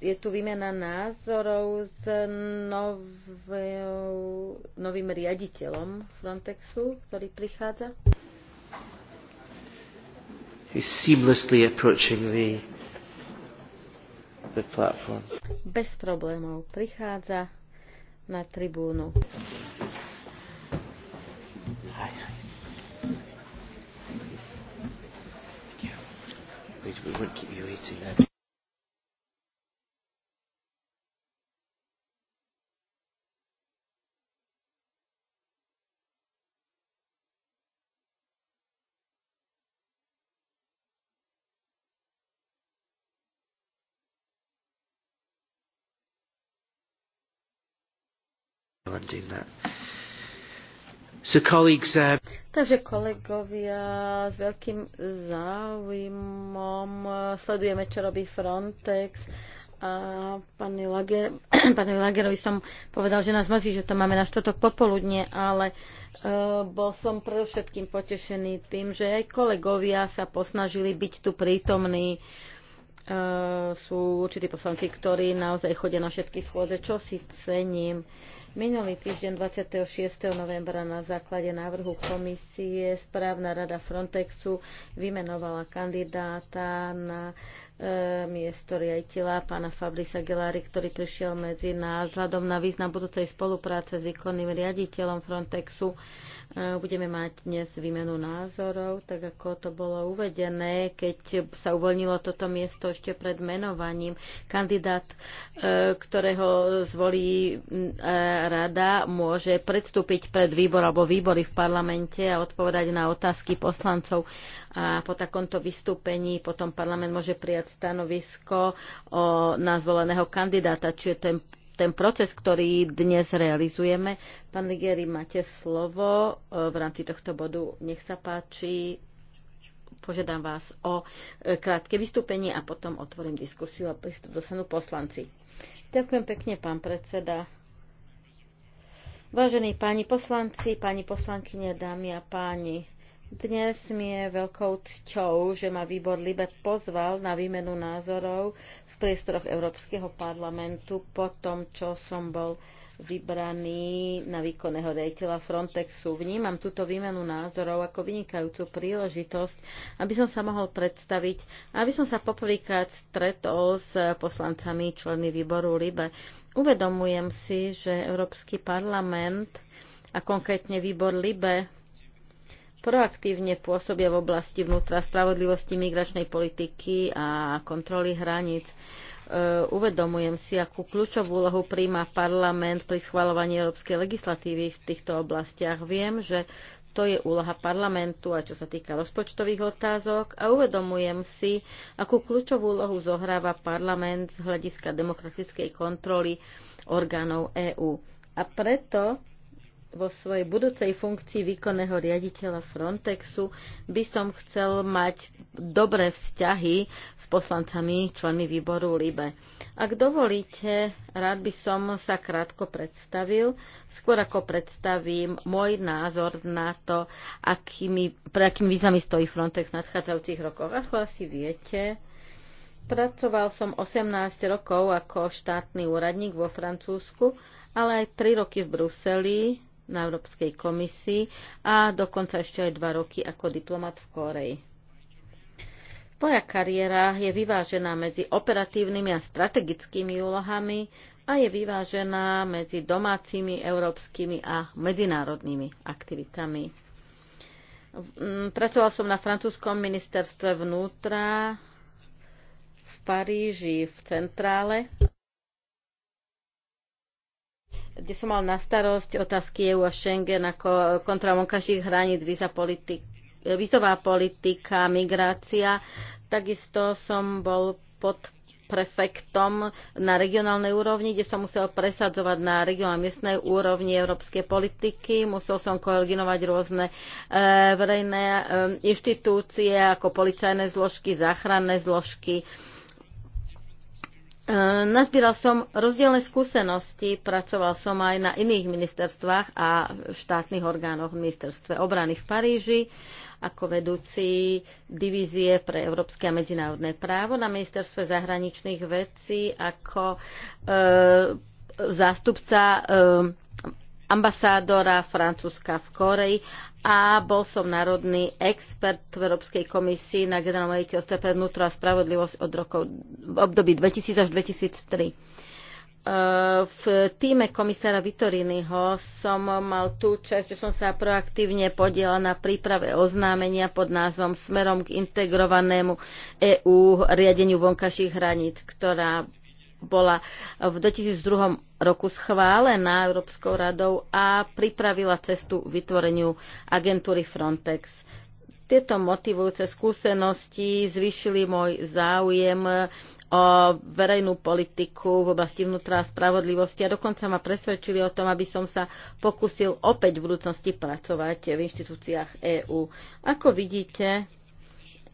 je tu výmena názorov s novou, novým riaditeľom Frontexu, ktorý prichádza. seamlessly approaching the, the platform. Bez problémov prichádza na tribúnu. Hi, hi. We won't keep you waiting then. doing that. So colleagues, uh... Takže kolegovia, s veľkým záujmom uh, sledujeme, čo robí Frontex. A pani, Lager, pani Lagerovi som povedal, že nás mrzí, že to máme na štotok popoludne, ale uh, bol som predovšetkým potešený tým, že aj kolegovia sa posnažili byť tu prítomní. Uh, sú určití poslanci, ktorí naozaj chodia na všetky schôdze, čo si cením. Uh, Minulý týždeň 26. novembra na základe návrhu komisie správna rada Frontexu vymenovala kandidáta na e, miesto riaditeľa pána Fabrisa Gelari, ktorý prišiel medzi nás vzhľadom na význam budúcej spolupráce s výkonným riaditeľom Frontexu. E, budeme mať dnes výmenu názorov, tak ako to bolo uvedené, keď sa uvoľnilo toto miesto ešte pred menovaním. Kandidát, e, ktorého zvolí e, rada môže predstúpiť pred výbor alebo výbory v parlamente a odpovedať na otázky poslancov. A po takomto vystúpení potom parlament môže prijať stanovisko o, nazvoleného kandidáta, čiže ten ten proces, ktorý dnes realizujeme. Pán Ligeri, máte slovo e, v rámci tohto bodu. Nech sa páči, požiadam vás o e, krátke vystúpenie a potom otvorím diskusiu a dostanú poslanci. Ďakujem pekne, pán predseda. Vážení páni poslanci, páni poslankyne, dámy a páni, dnes mi je veľkou cťou, že ma výbor Libe pozval na výmenu názorov v priestoroch Európskeho parlamentu po tom, čo som bol vybraný na výkonného rejiteľa Frontexu. Vnímam túto výmenu názorov ako vynikajúcu príležitosť, aby som sa mohol predstaviť, aby som sa poprvýkrát stretol s poslancami členmi výboru LIBE. Uvedomujem si, že Európsky parlament a konkrétne výbor LIBE proaktívne pôsobia v oblasti vnútra spravodlivosti migračnej politiky a kontroly hraníc. E, uvedomujem si, akú kľúčovú úlohu príjma parlament pri schvalovaní európskej legislatívy v týchto oblastiach. Viem, že to je úloha parlamentu a čo sa týka rozpočtových otázok a uvedomujem si, akú kľúčovú úlohu zohráva parlament z hľadiska demokratickej kontroly orgánov EÚ. A preto vo svojej budúcej funkcii výkonného riaditeľa Frontexu by som chcel mať dobré vzťahy s poslancami členmi výboru LIBE. Ak dovolíte, rád by som sa krátko predstavil, skôr ako predstavím môj názor na to, akými, pre akými výzvami stojí Frontex v nadchádzajúcich rokoch. Ako asi viete, Pracoval som 18 rokov ako štátny úradník vo Francúzsku, ale aj 3 roky v Bruseli na Európskej komisii a dokonca ešte aj dva roky ako diplomat v Koreji. Moja kariéra je vyvážená medzi operatívnymi a strategickými úlohami a je vyvážená medzi domácimi, európskymi a medzinárodnými aktivitami. Pracoval som na francúzskom ministerstve vnútra v Paríži v centrále kde som mal na starosť otázky EU a Schengen ako kontrola vonkajších hraníc, vízová politik, politika, migrácia. Takisto som bol pod prefektom na regionálnej úrovni, kde som musel presadzovať na regionálnej miestnej úrovni európskej politiky. Musel som koordinovať rôzne e, verejné e, inštitúcie ako policajné zložky, záchranné zložky. E, Ehm, Nazbíral som rozdielne skúsenosti, pracoval som aj na iných ministerstvách a štátnych orgánoch v ministerstve obrany v Paríži ako vedúci divízie pre európske a medzinárodné právo na ministerstve zahraničných vecí ako e, zástupca e, ambasádora Francúzska v Koreji a bol som národný expert v Európskej komisii na generálnom rediteľstve pre vnútro a spravodlivosť od rokov v období 2000 až 2003 e, v týme komisára Vitorinyho som mal tú časť, že som sa proaktívne podielala na príprave oznámenia pod názvom Smerom k integrovanému EÚ riadeniu vonkajších hraníc, ktorá bola v 2002 roku schválená Európskou radou a pripravila cestu vytvoreniu agentúry Frontex. Tieto motivujúce skúsenosti zvýšili môj záujem o verejnú politiku v oblasti vnútra a spravodlivosti a dokonca ma presvedčili o tom, aby som sa pokusil opäť v budúcnosti pracovať v inštitúciách EÚ. Ako vidíte,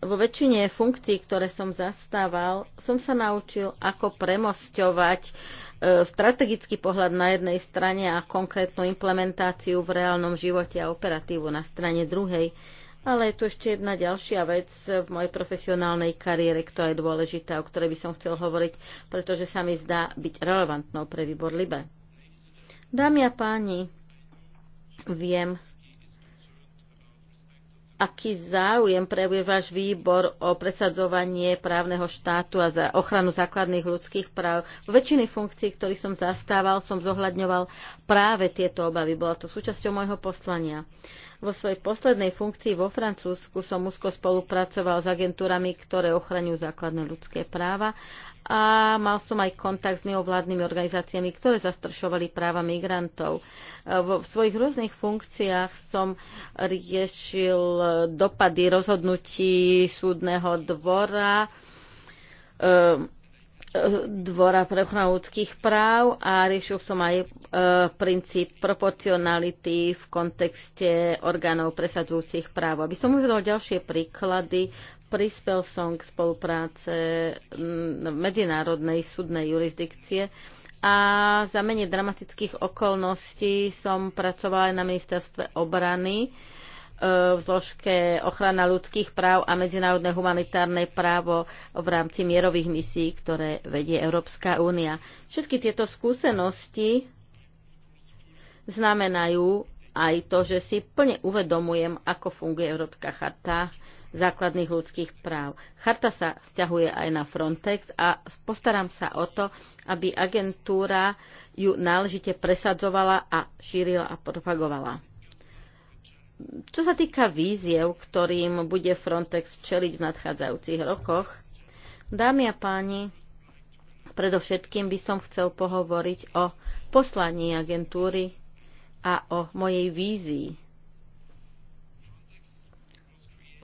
vo väčšine funkcií, ktoré som zastával, som sa naučil, ako premosťovať e, strategický pohľad na jednej strane a konkrétnu implementáciu v reálnom živote a operatívu na strane druhej. Ale je tu ešte jedna ďalšia vec v mojej profesionálnej kariére, ktorá je dôležitá, o ktorej by som chcel hovoriť, pretože sa mi zdá byť relevantnou pre výbor Libe. Dámy a páni, viem, aký záujem prejavuje váš výbor o presadzovanie právneho štátu a za ochranu základných ľudských práv. V väčšiny funkcií, ktorých som zastával, som zohľadňoval práve tieto obavy. Bola to súčasťou môjho poslania. Vo svojej poslednej funkcii vo Francúzsku som úzko spolupracoval s agentúrami, ktoré ochraňujú základné ľudské práva a mal som aj kontakt s neovládnymi organizáciami, ktoré zastršovali práva migrantov. E, v svojich rôznych funkciách som riešil dopady rozhodnutí súdneho dvora, e, e, dvora pre ochranu ľudských práv a riešil som aj princíp proporcionality v kontexte orgánov presadzujúcich práv. Aby som uvedol ďalšie príklady, prispel som k spolupráce mm, medzinárodnej súdnej jurisdikcie a za menej dramatických okolností som pracovala aj na ministerstve obrany e, v zložke ochrana ľudských práv a medzinárodné humanitárne právo v rámci mierových misií, ktoré vedie Európska únia. Všetky tieto skúsenosti znamenajú, aj to, že si plne uvedomujem, ako funguje Európska charta základných ľudských práv. Charta sa vzťahuje aj na Frontex a postaram sa o to, aby agentúra ju náležite presadzovala a šírila a propagovala. Čo sa týka víziev, ktorým bude Frontex čeliť v nadchádzajúcich rokoch, dámy a páni, predovšetkým by som chcel pohovoriť o poslaní agentúry a o mojej vízii.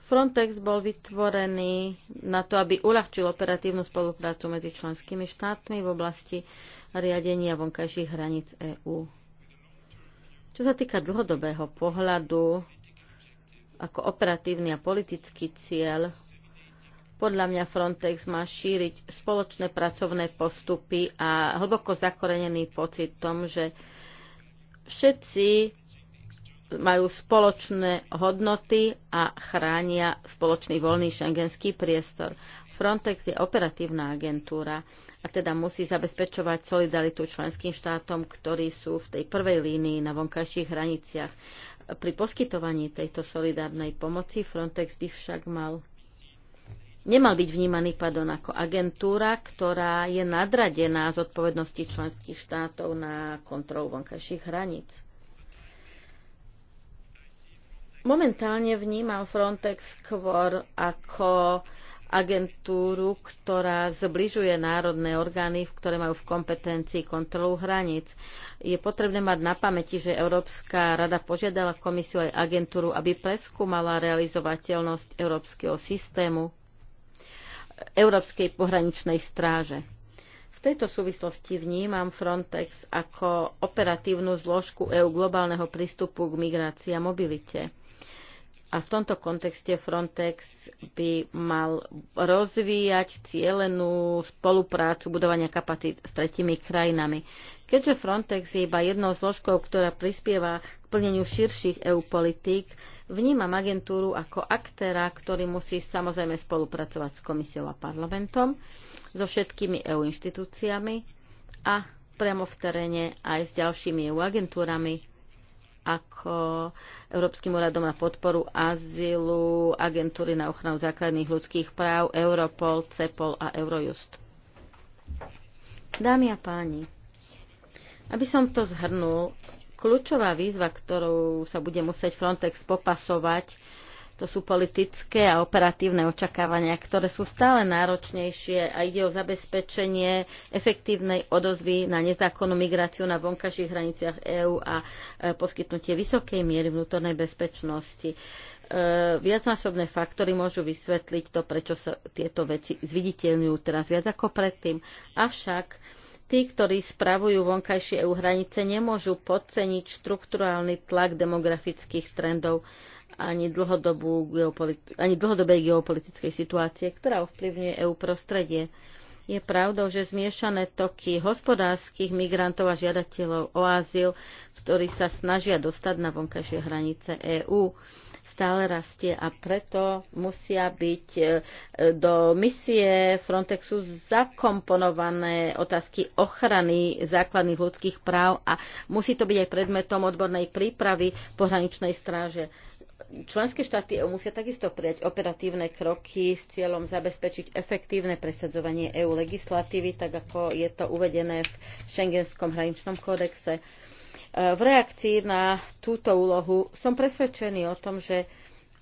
Frontex bol vytvorený na to, aby uľahčil operatívnu spoluprácu medzi členskými štátmi v oblasti riadenia vonkajších hraníc EÚ. Čo sa týka dlhodobého pohľadu, ako operatívny a politický cieľ, podľa mňa Frontex má šíriť spoločné pracovné postupy a hlboko zakorenený pocit tom, že Všetci majú spoločné hodnoty a chránia spoločný voľný šengenský priestor. Frontex je operatívna agentúra a teda musí zabezpečovať solidaritu členským štátom, ktorí sú v tej prvej línii na vonkajších hraniciach. Pri poskytovaní tejto solidárnej pomoci Frontex by však mal nemal byť vnímaný pardon, ako agentúra, ktorá je nadradená z odpovednosti členských štátov na kontrolu vonkajších hraníc. Momentálne vnímam Frontex skôr ako agentúru, ktorá zbližuje národné orgány, ktoré majú v kompetencii kontrolu hraníc. Je potrebné mať na pamäti, že Európska rada požiadala komisiu aj agentúru, aby preskúmala realizovateľnosť európskeho systému Európskej pohraničnej stráže. V tejto súvislosti vnímam Frontex ako operatívnu zložku EU globálneho prístupu k migrácii a mobilite. A v tomto kontexte Frontex by mal rozvíjať cielenú spoluprácu budovania kapacít s tretimi krajinami. Keďže Frontex je iba jednou zložkou, ktorá prispieva k plneniu širších EU politík, Vnímam agentúru ako aktéra, ktorý musí samozrejme spolupracovať s komisiou a parlamentom, so všetkými EU inštitúciami a priamo v teréne aj s ďalšími EU agentúrami, ako Európskym úradom na podporu azylu, agentúry na ochranu základných ľudských práv, Europol, CEPOL a Eurojust. Dámy a páni, aby som to zhrnul, Kľúčová výzva, ktorou sa bude musieť Frontex popasovať, to sú politické a operatívne očakávania, ktoré sú stále náročnejšie a ide o zabezpečenie efektívnej odozvy na nezákonnú migráciu na vonkajších hraniciach EÚ a e, poskytnutie vysokej miery vnútornej bezpečnosti. E, viacnásobné faktory môžu vysvetliť to, prečo sa tieto veci zviditeľňujú teraz viac ako predtým. Avšak Tí, ktorí spravujú vonkajšie EU hranice, nemôžu podceniť štrukturálny tlak demografických trendov ani, geopolit- ani dlhodobej geopolitickej situácie, ktorá ovplyvňuje EU prostredie. Je pravdou, že zmiešané toky hospodárskych migrantov a žiadateľov o azyl, ktorí sa snažia dostať na vonkajšie hranice EÚ, stále rastie a preto musia byť e, do misie Frontexu zakomponované otázky ochrany základných ľudských práv a musí to byť aj predmetom odbornej prípravy pohraničnej stráže. Členské štáty e musia takisto prijať operatívne kroky s cieľom zabezpečiť efektívne presadzovanie EU legislatívy, tak ako je to uvedené v Schengenskom hraničnom kódexe. V reakcii na túto úlohu som presvedčený o tom, že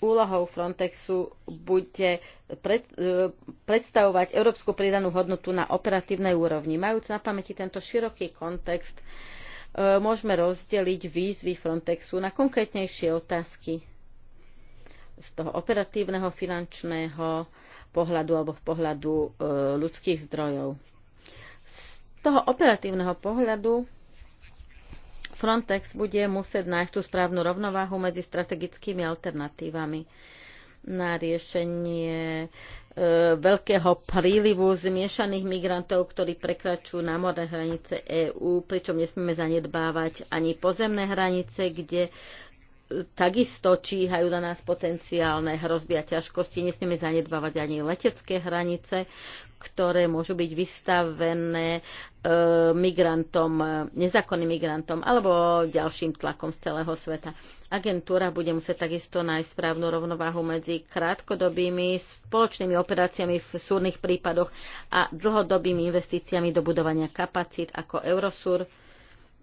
úlohou Frontexu bude pred, e, predstavovať európsku pridanú hodnotu na operatívnej úrovni. Majúc na pamäti tento široký kontext, e, môžeme rozdeliť výzvy Frontexu na konkrétnejšie otázky z toho operatívneho, finančného pohľadu alebo v pohľadu e, ľudských zdrojov. Z toho operatívneho pohľadu Frontex bude musieť nájsť tú správnu rovnováhu medzi strategickými alternatívami na riešenie e, veľkého prílivu zmiešaných migrantov, ktorí prekračujú námorné hranice EÚ, pričom nesmieme zanedbávať ani pozemné hranice, kde takisto číhajú na nás potenciálne hrozby a ťažkosti. Nesmieme zanedbávať ani letecké hranice, ktoré môžu byť vystavené e, migrantom, e, nezákonným migrantom alebo ďalším tlakom z celého sveta. Agentúra bude musieť takisto nájsť správnu rovnováhu medzi krátkodobými spoločnými operáciami v súrnych prípadoch a dlhodobými investíciami do budovania kapacít ako Eurosur,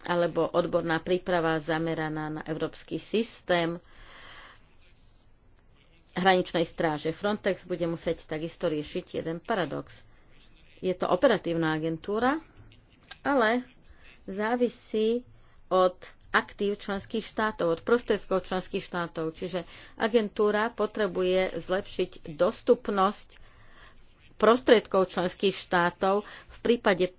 alebo odborná príprava zameraná na európsky systém hraničnej stráže. Frontex bude musieť takisto riešiť jeden paradox. Je to operatívna agentúra, ale závisí od aktív členských štátov, od prostriedkov členských štátov. Čiže agentúra potrebuje zlepšiť dostupnosť prostriedkov členských štátov v prípade e,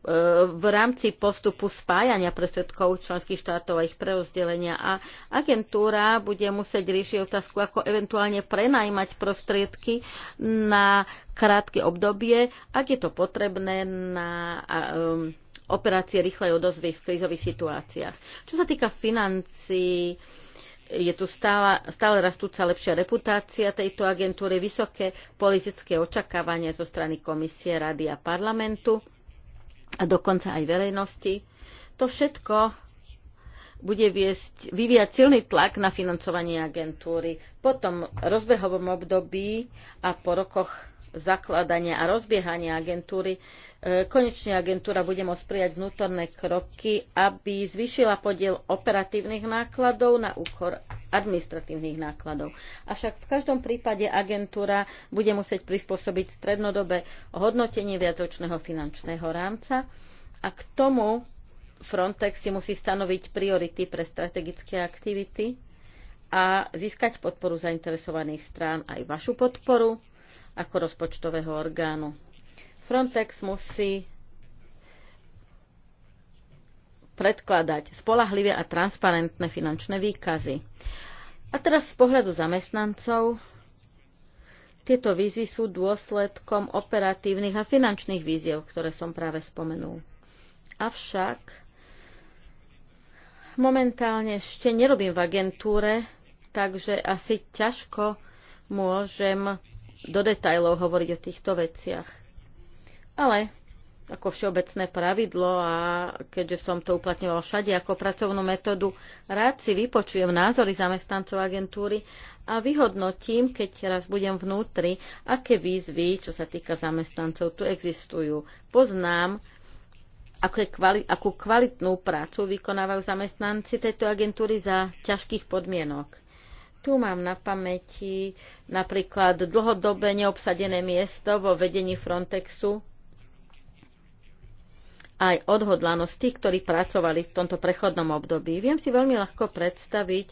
v rámci postupu spájania prostriedkov členských štátov a ich preozdelenia. A agentúra bude musieť riešiť otázku, ako eventuálne prenajmať prostriedky na krátke obdobie, ak je to potrebné na e, operácie rýchlej odozvy v krízových situáciách. Čo sa týka financií, je tu stále, stále rastúca lepšia reputácia tejto agentúry, vysoké politické očakávania zo strany komisie, rady a parlamentu a dokonca aj verejnosti. To všetko bude viesť, vyvíjať silný tlak na financovanie agentúry. Potom rozbehovom období a po rokoch zakladania a rozbiehania agentúry, e, konečne agentúra bude môcť prijať vnútorné kroky, aby zvýšila podiel operatívnych nákladov na úkor administratívnych nákladov. Avšak v každom prípade agentúra bude musieť prispôsobiť strednodobé hodnotenie viatočného finančného rámca a k tomu Frontex si musí stanoviť priority pre strategické aktivity a získať podporu zainteresovaných strán aj vašu podporu ako rozpočtového orgánu. Frontex musí predkladať spolahlivé a transparentné finančné výkazy. A teraz z pohľadu zamestnancov. Tieto výzvy sú dôsledkom operatívnych a finančných víziev, ktoré som práve spomenul. Avšak momentálne ešte nerobím v agentúre, takže asi ťažko môžem do detajlov hovoriť o týchto veciach. Ale ako všeobecné pravidlo a keďže som to uplatňoval všade ako pracovnú metódu, rád si vypočujem názory zamestnancov agentúry a vyhodnotím, keď raz budem vnútri, aké výzvy, čo sa týka zamestnancov, tu existujú. Poznám, kvali- akú kvalitnú prácu vykonávajú zamestnanci tejto agentúry za ťažkých podmienok. Tu mám na pamäti napríklad dlhodobé neobsadené miesto vo vedení Frontexu, aj odhodlanosť tých, ktorí pracovali v tomto prechodnom období. Viem si veľmi ľahko predstaviť,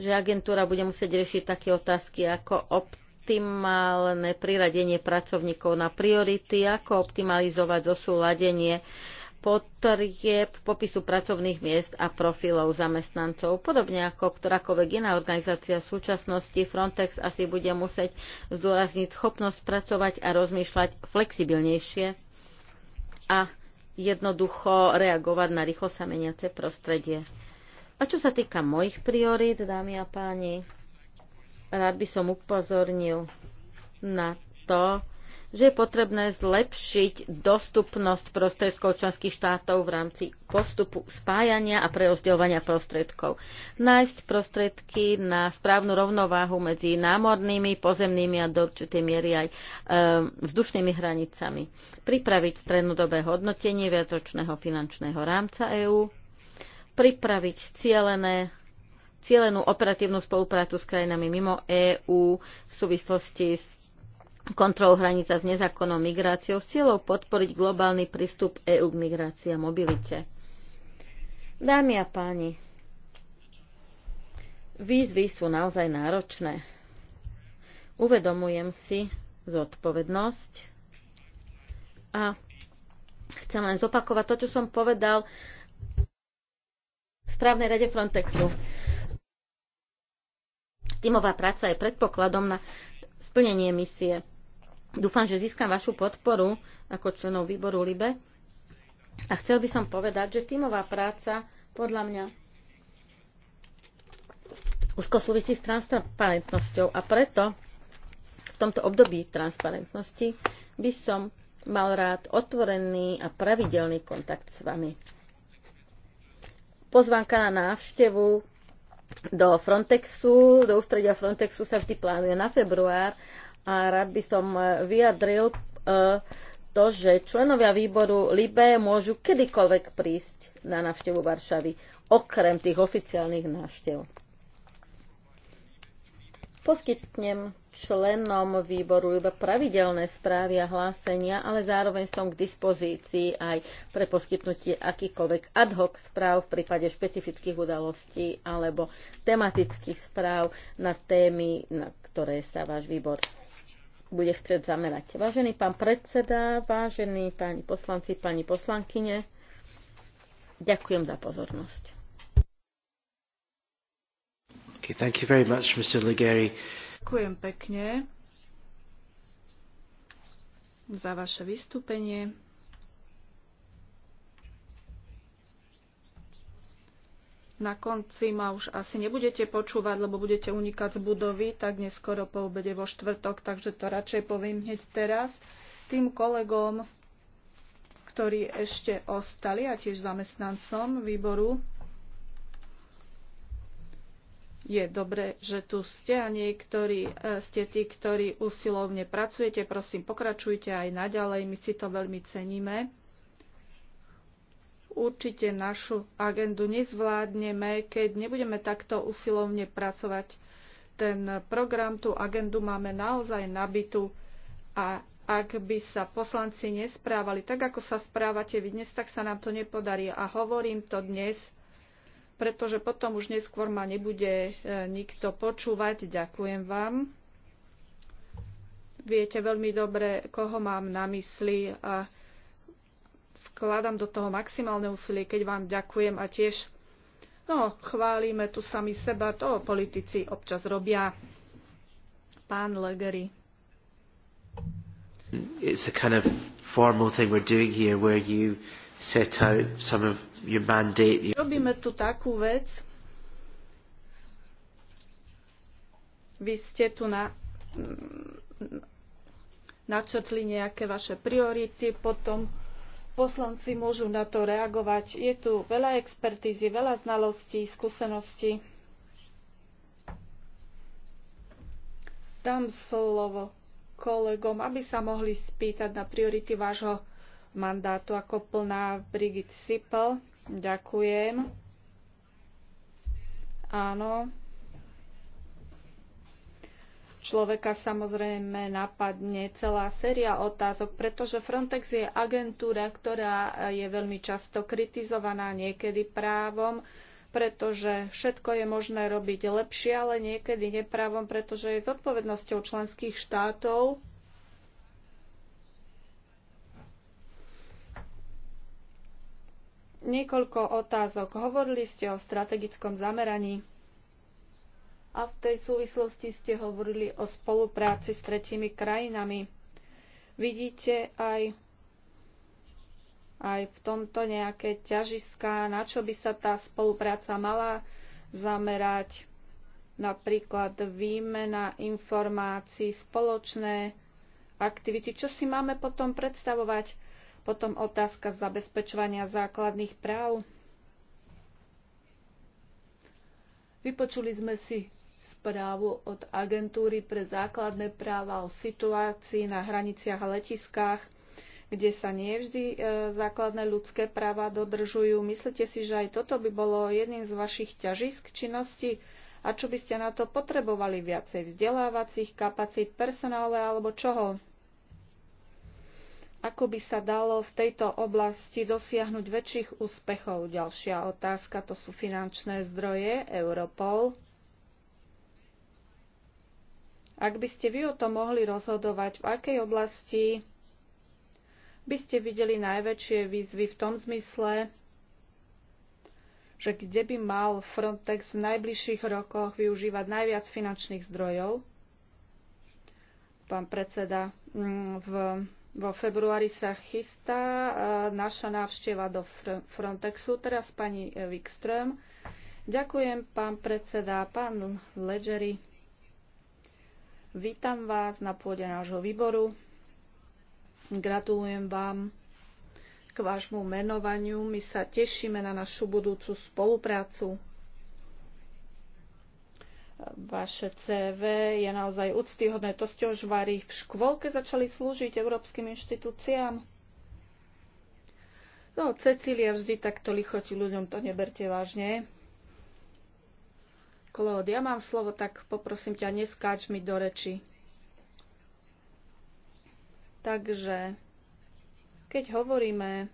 že agentúra bude musieť riešiť také otázky ako optimálne priradenie pracovníkov na priority, ako optimalizovať zosúladenie potrieb popisu pracovných miest a profilov zamestnancov. Podobne ako ktorákoľvek iná organizácia v súčasnosti, Frontex asi bude musieť zdôrazniť schopnosť pracovať a rozmýšľať flexibilnejšie a jednoducho reagovať na rýchlo sa meniace prostredie. A čo sa týka mojich priorít, dámy a páni, rád by som upozornil na to, že je potrebné zlepšiť dostupnosť prostriedkov členských štátov v rámci postupu spájania a prerozdeľovania prostriedkov. Nájsť prostriedky na správnu rovnováhu medzi námornými, pozemnými a do určitej miery aj e, vzdušnými hranicami. Pripraviť strednodobé hodnotenie viacročného finančného rámca EÚ. Pripraviť cielené cielenú operatívnu spoluprácu s krajinami mimo EÚ v súvislosti s Kontrolu hranica s nezákonnou migráciou s cieľou podporiť globálny prístup EÚ k migrácii a mobilite. Dámy a páni, výzvy sú naozaj náročné. Uvedomujem si zodpovednosť a chcem len zopakovať to, čo som povedal v správnej rade Frontexu. Tímová práca je predpokladom na splnenie misie. Dúfam, že získam vašu podporu ako členov výboru LIBE. A chcel by som povedať, že tímová práca podľa mňa úzko súvisí s transparentnosťou a preto v tomto období transparentnosti by som mal rád otvorený a pravidelný kontakt s vami. Pozvánka na návštevu do Frontexu, do ústredia Frontexu sa vždy plánuje na február a rád by som eh, vyjadril eh, to, že členovia výboru LIBE môžu kedykoľvek prísť na návštevu Varšavy, okrem tých oficiálnych návštev. Poskytnem členom výboru iba pravidelné správy a hlásenia, ale zároveň som k dispozícii aj pre poskytnutie akýkoľvek ad hoc správ v prípade špecifických udalostí alebo tematických správ na témy, na ktoré sa váš výbor bude chcieť zamerať. Vážený pán predseda, vážení páni poslanci, pani poslankyne, ďakujem za pozornosť. Okay, thank you very much, Mr. Ligeri. Ďakujem pekne za vaše vystúpenie. Na konci ma už asi nebudete počúvať, lebo budete unikať z budovy, tak neskoro po obede vo štvrtok, takže to radšej poviem hneď teraz. Tým kolegom, ktorí ešte ostali a tiež zamestnancom výboru je dobre, že tu ste a niektorí e, ste tí, ktorí usilovne pracujete. Prosím, pokračujte aj naďalej. My si to veľmi ceníme. Určite našu agendu nezvládneme, keď nebudeme takto usilovne pracovať. Ten program, tú agendu máme naozaj nabitú a ak by sa poslanci nesprávali tak, ako sa správate vy dnes, tak sa nám to nepodarí. A hovorím to dnes pretože potom už neskôr ma nebude e, nikto počúvať. Ďakujem vám. Viete veľmi dobre, koho mám na mysli a vkladám do toho maximálne úsilie, keď vám ďakujem a tiež no, chválime tu sami seba, to politici občas robia. Pán Legery. It's a kind of formal thing we're doing here where you set out some of your mandate. Robíme tu takú vec. Vy ste tu na, načrtli nejaké vaše priority, potom poslanci môžu na to reagovať. Je tu veľa expertízy, veľa znalostí, skúseností. Dám slovo kolegom, aby sa mohli spýtať na priority vášho mandátu ako plná Brigitte Sipel. Ďakujem. Áno. Človeka samozrejme napadne celá séria otázok, pretože Frontex je agentúra, ktorá je veľmi často kritizovaná, niekedy právom, pretože všetko je možné robiť lepšie, ale niekedy nepravom, pretože je zodpovednosťou členských štátov Niekoľko otázok. Hovorili ste o strategickom zameraní a v tej súvislosti ste hovorili o spolupráci s tretími krajinami. Vidíte aj, aj v tomto nejaké ťažiská, na čo by sa tá spolupráca mala zamerať, napríklad výmena informácií, spoločné aktivity. Čo si máme potom predstavovať? Potom otázka zabezpečovania základných práv. Vypočuli sme si správu od Agentúry pre základné práva o situácii na hraniciach a letiskách, kde sa nevždy e, základné ľudské práva dodržujú. Myslíte si, že aj toto by bolo jedným z vašich ťažisk činnosti? A čo by ste na to potrebovali viacej vzdelávacích kapacít, personále alebo čoho? ako by sa dalo v tejto oblasti dosiahnuť väčších úspechov. Ďalšia otázka to sú finančné zdroje, Europol. Ak by ste vy o tom mohli rozhodovať, v akej oblasti by ste videli najväčšie výzvy v tom zmysle, že kde by mal Frontex v najbližších rokoch využívať najviac finančných zdrojov? Pán predseda, mm, v vo februári sa chystá e, naša návšteva do Frontexu. Teraz pani Wikström. Ďakujem, pán predseda, pán Ledgeri. Vítam vás na pôde nášho výboru. Gratulujem vám k vášmu menovaniu. My sa tešíme na našu budúcu spoluprácu. Vaše CV je naozaj úctyhodné. To ste už varí v škôlke začali slúžiť európskym inštitúciám. No, Cecília vždy takto lichotí ľuďom, to neberte vážne. Klód, ja mám slovo, tak poprosím ťa, neskáč mi do reči. Takže, keď hovoríme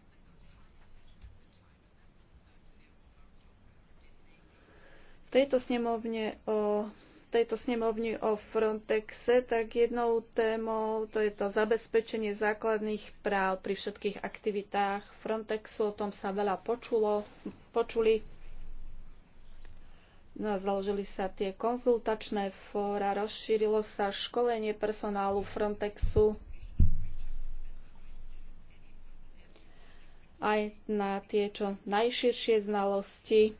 v tejto snemovne o tejto snemovni o Frontexe, tak jednou témou to je to zabezpečenie základných práv pri všetkých aktivitách Frontexu. O tom sa veľa počulo, počuli. No, založili sa tie konzultačné fóra, rozšírilo sa školenie personálu Frontexu aj na tie čo najširšie znalosti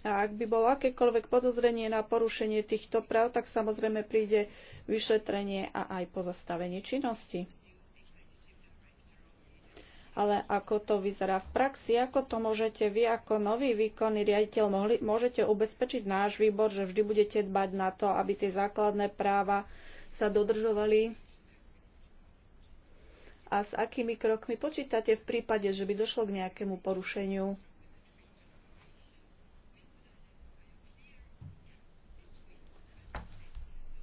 A ak by bolo akékoľvek podozrenie na porušenie týchto práv, tak samozrejme príde vyšetrenie a aj pozastavenie činnosti. Ale ako to vyzerá v praxi, ako to môžete vy ako nový výkonný riaditeľ mohli, môžete ubezpečiť náš výbor, že vždy budete dbať na to, aby tie základné práva sa dodržovali a s akými krokmi počítate v prípade, že by došlo k nejakému porušeniu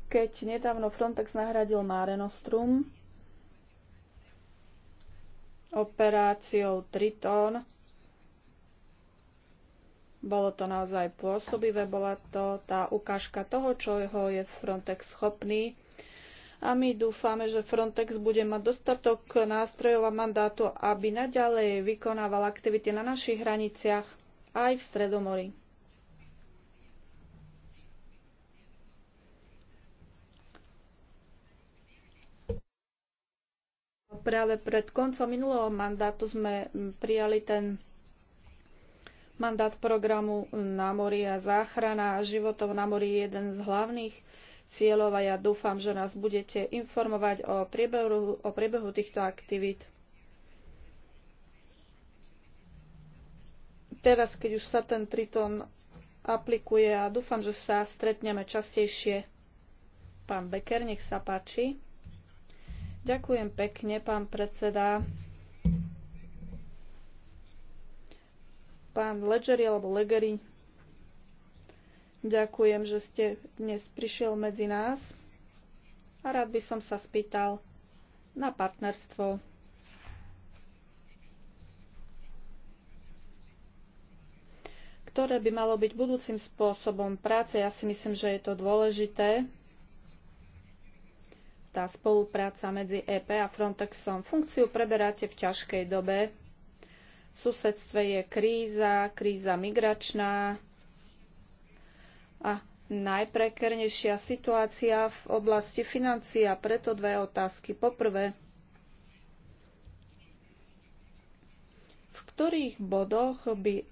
keď nedávno Frontex nahradil Mare Nostrum operáciou Triton. Bolo to naozaj pôsobivé, bola to tá ukážka toho, čo jeho je Frontex schopný. A my dúfame, že Frontex bude mať dostatok nástrojov a mandátu, aby naďalej vykonával aktivity na našich hraniciach aj v Stredomorí. Práve pred koncom minulého mandátu sme mm, prijali ten mandát programu mm, na mori a záchrana životov na mori je jeden z hlavných cieľov a ja dúfam, že nás budete informovať o priebehu, o priebehu týchto aktivít. Teraz, keď už sa ten Triton aplikuje a dúfam, že sa stretneme častejšie. Pán Becker, nech sa páči. Ďakujem pekne, pán predseda. Pán Ledgeri alebo Legeri, ďakujem, že ste dnes prišiel medzi nás a rád by som sa spýtal na partnerstvo. ktoré by malo byť budúcim spôsobom práce. Ja si myslím, že je to dôležité tá spolupráca medzi EP a Frontexom. Funkciu preberáte v ťažkej dobe. V susedstve je kríza, kríza migračná a najprekernejšia situácia v oblasti financií a preto dve otázky. Poprvé, v ktorých bodoch by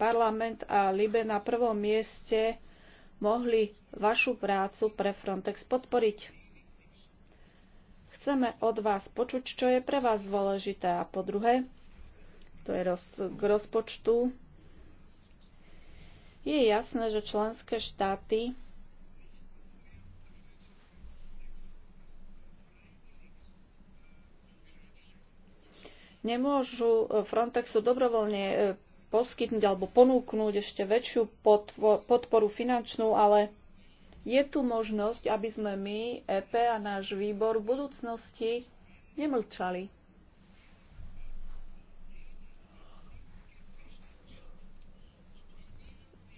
parlament a Libe na prvom mieste mohli vašu prácu pre Frontex podporiť? Chceme od vás počuť, čo je pre vás dôležité. A po druhé, to je roz, k rozpočtu. Je jasné, že členské štáty nemôžu eh, Frontexu dobrovoľne eh, poskytnúť alebo ponúknuť ešte väčšiu podporu finančnú, ale je tu možnosť, aby sme my, EP a náš výbor v budúcnosti nemlčali.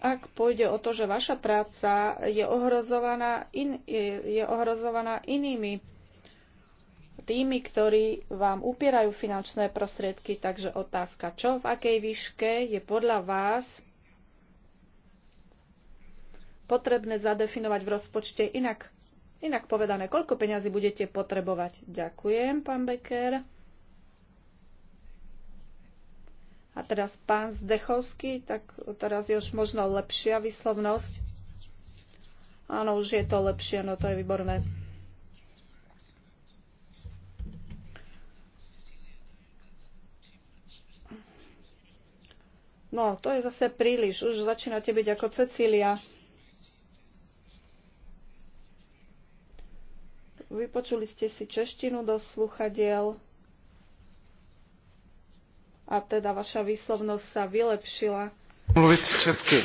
Ak pôjde o to, že vaša práca je ohrozovaná, in, je ohrozovaná inými tými, ktorí vám upierajú finančné prostriedky. Takže otázka, čo v akej výške je podľa vás potrebné zadefinovať v rozpočte inak. Inak povedané, koľko peňazí budete potrebovať? Ďakujem, pán Becker. A teraz pán Zdechovský, tak teraz je už možno lepšia vyslovnosť. Áno, už je to lepšie, no to je výborné. No, to je zase príliš. Už začínate byť ako Cecília. Vypočuli ste si češtinu do sluchadiel a teda vaša výslovnosť sa vylepšila. Mluvit česky.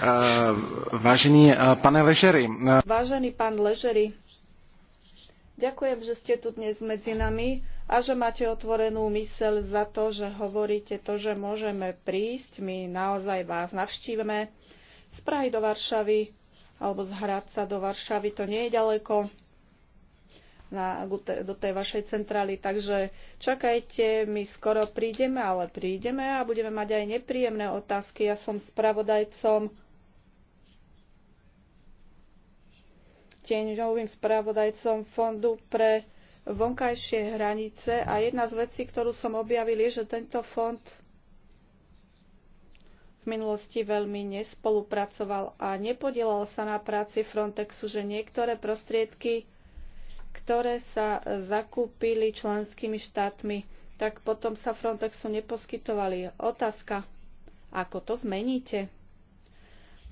Uh, vážený uh, pane Ležery. Uh... Vážený pán Ležery, ďakujem, že ste tu dnes medzi nami a že máte otvorenú myseľ za to, že hovoríte to, že môžeme prísť. My naozaj vás navštívime z Prahy do Varšavy alebo z Hradca do Varšavy, to nie je ďaleko na, do tej vašej centrály. Takže čakajte, my skoro prídeme, ale prídeme a budeme mať aj nepríjemné otázky. Ja som spravodajcom, tieňovým spravodajcom Fondu pre vonkajšie hranice a jedna z vecí, ktorú som objavil, je, že tento fond v minulosti veľmi nespolupracoval a nepodielal sa na práci Frontexu, že niektoré prostriedky ktoré sa zakúpili členskými štátmi, tak potom sa Frontexu neposkytovali. Otázka, ako to zmeníte?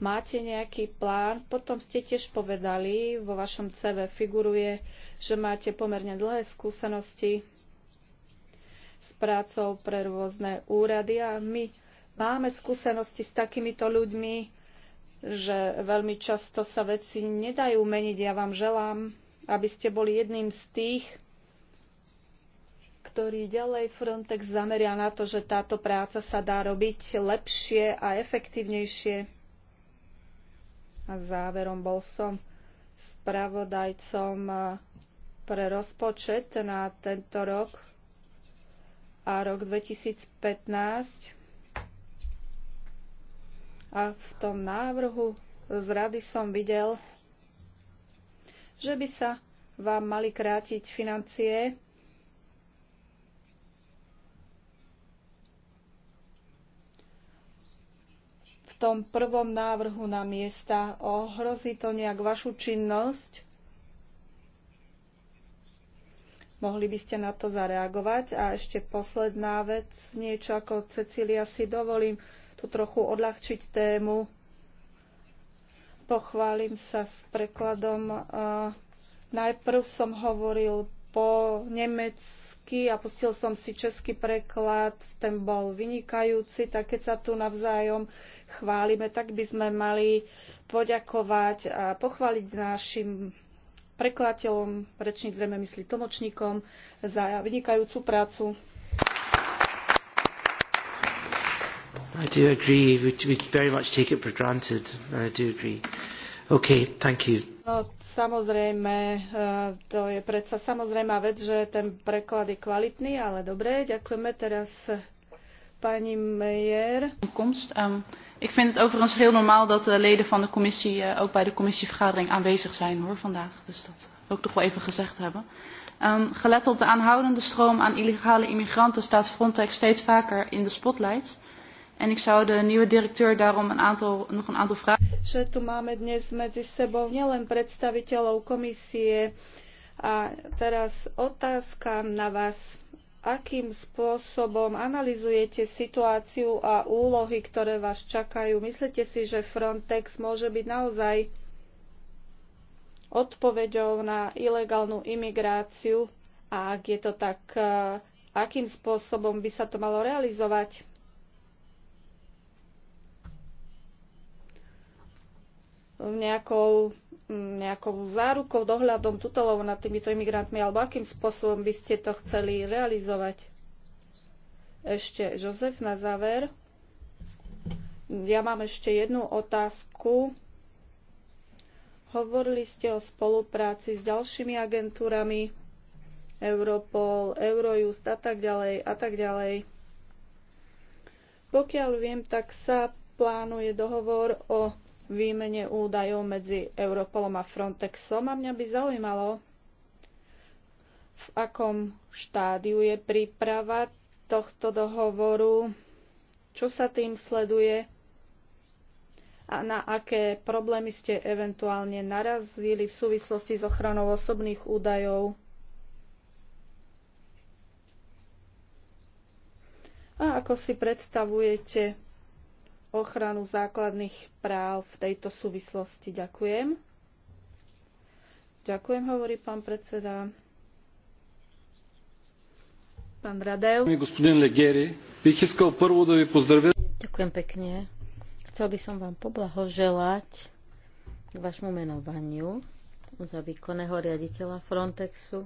Máte nejaký plán? Potom ste tiež povedali, vo vašom CV figuruje, že máte pomerne dlhé skúsenosti s prácou pre rôzne úrady a my máme skúsenosti s takýmito ľuďmi, že veľmi často sa veci nedajú meniť. Ja vám želám, aby ste boli jedným z tých, ktorý ďalej Frontex zameria na to, že táto práca sa dá robiť lepšie a efektívnejšie. A záverom bol som spravodajcom eh, pre rozpočet na tento rok a rok 2015. A v tom návrhu z rady som videl, že by sa vám mali krátiť financie. V tom prvom návrhu na miesta ohrozí to nejak vašu činnosť? Mohli by ste na to zareagovať. A ešte posledná vec, niečo ako Cecília si dovolím tu trochu odľahčiť tému Pochválim sa s prekladom. E, najprv som hovoril po nemecky a pustil som si český preklad, ten bol vynikajúci, tak keď sa tu navzájom chválime, tak by sme mali poďakovať a pochváliť našim prekladateľom, rečník zrejme myslí tlmočníkom, za vynikajúcu prácu. I do agree. We, we very much take it for granted. I do agree. Okay, thank you. No, samozrejme, eh, to je predsa samozrejmá vec, že ten preklad je kvalitný, ale dobre, ďakujeme teraz eh, pani Meyer. Ehm, ik vind het overigens heel normaal dat de eh, leden van de commissie ook bij de commissievergadering aanwezig zijn hoor vandaag. Dus dat wil ik toch wel even gezegd hebben. Um, gelet op de aanhoudende stroom aan illegale immigranten staat Frontex steeds vaker in de spotlights. En ik zou de nieuwe directeur daarom een aantal, nog een aantal vragen... Že tu máme dnes medzi sebou nielen predstaviteľov komisie. A teraz otázka na vás. Akým spôsobom analizujete situáciu a úlohy, ktoré vás čakajú? Myslíte si, že Frontex môže byť naozaj odpoveďou na ilegálnu imigráciu? A ak je to tak, eh, akým spôsobom by sa to malo realizovať? nejakou, mm, nejakou zárukou, dohľadom, tutelou nad týmito imigrantmi, alebo akým spôsobom by ste to chceli realizovať? Ešte Jozef na záver. Ja mám ešte jednu otázku. Hovorili ste o spolupráci s ďalšími agentúrami, Europol, Eurojust a tak ďalej a tak ďalej. Pokiaľ viem, tak sa plánuje dohovor o výmene údajov medzi Europolom a Frontexom a mňa by zaujímalo, v akom štádiu je príprava tohto dohovoru, čo sa tým sleduje a na aké problémy ste eventuálne narazili v súvislosti s ochranou osobných údajov. A ako si predstavujete ochranu základných práv v tejto súvislosti. Ďakujem. Ďakujem, hovorí pán predseda. Pán Radev. Ďakujem pekne. Chcel by som vám poblahoželať k vašmu menovaniu za výkonného riaditeľa Frontexu.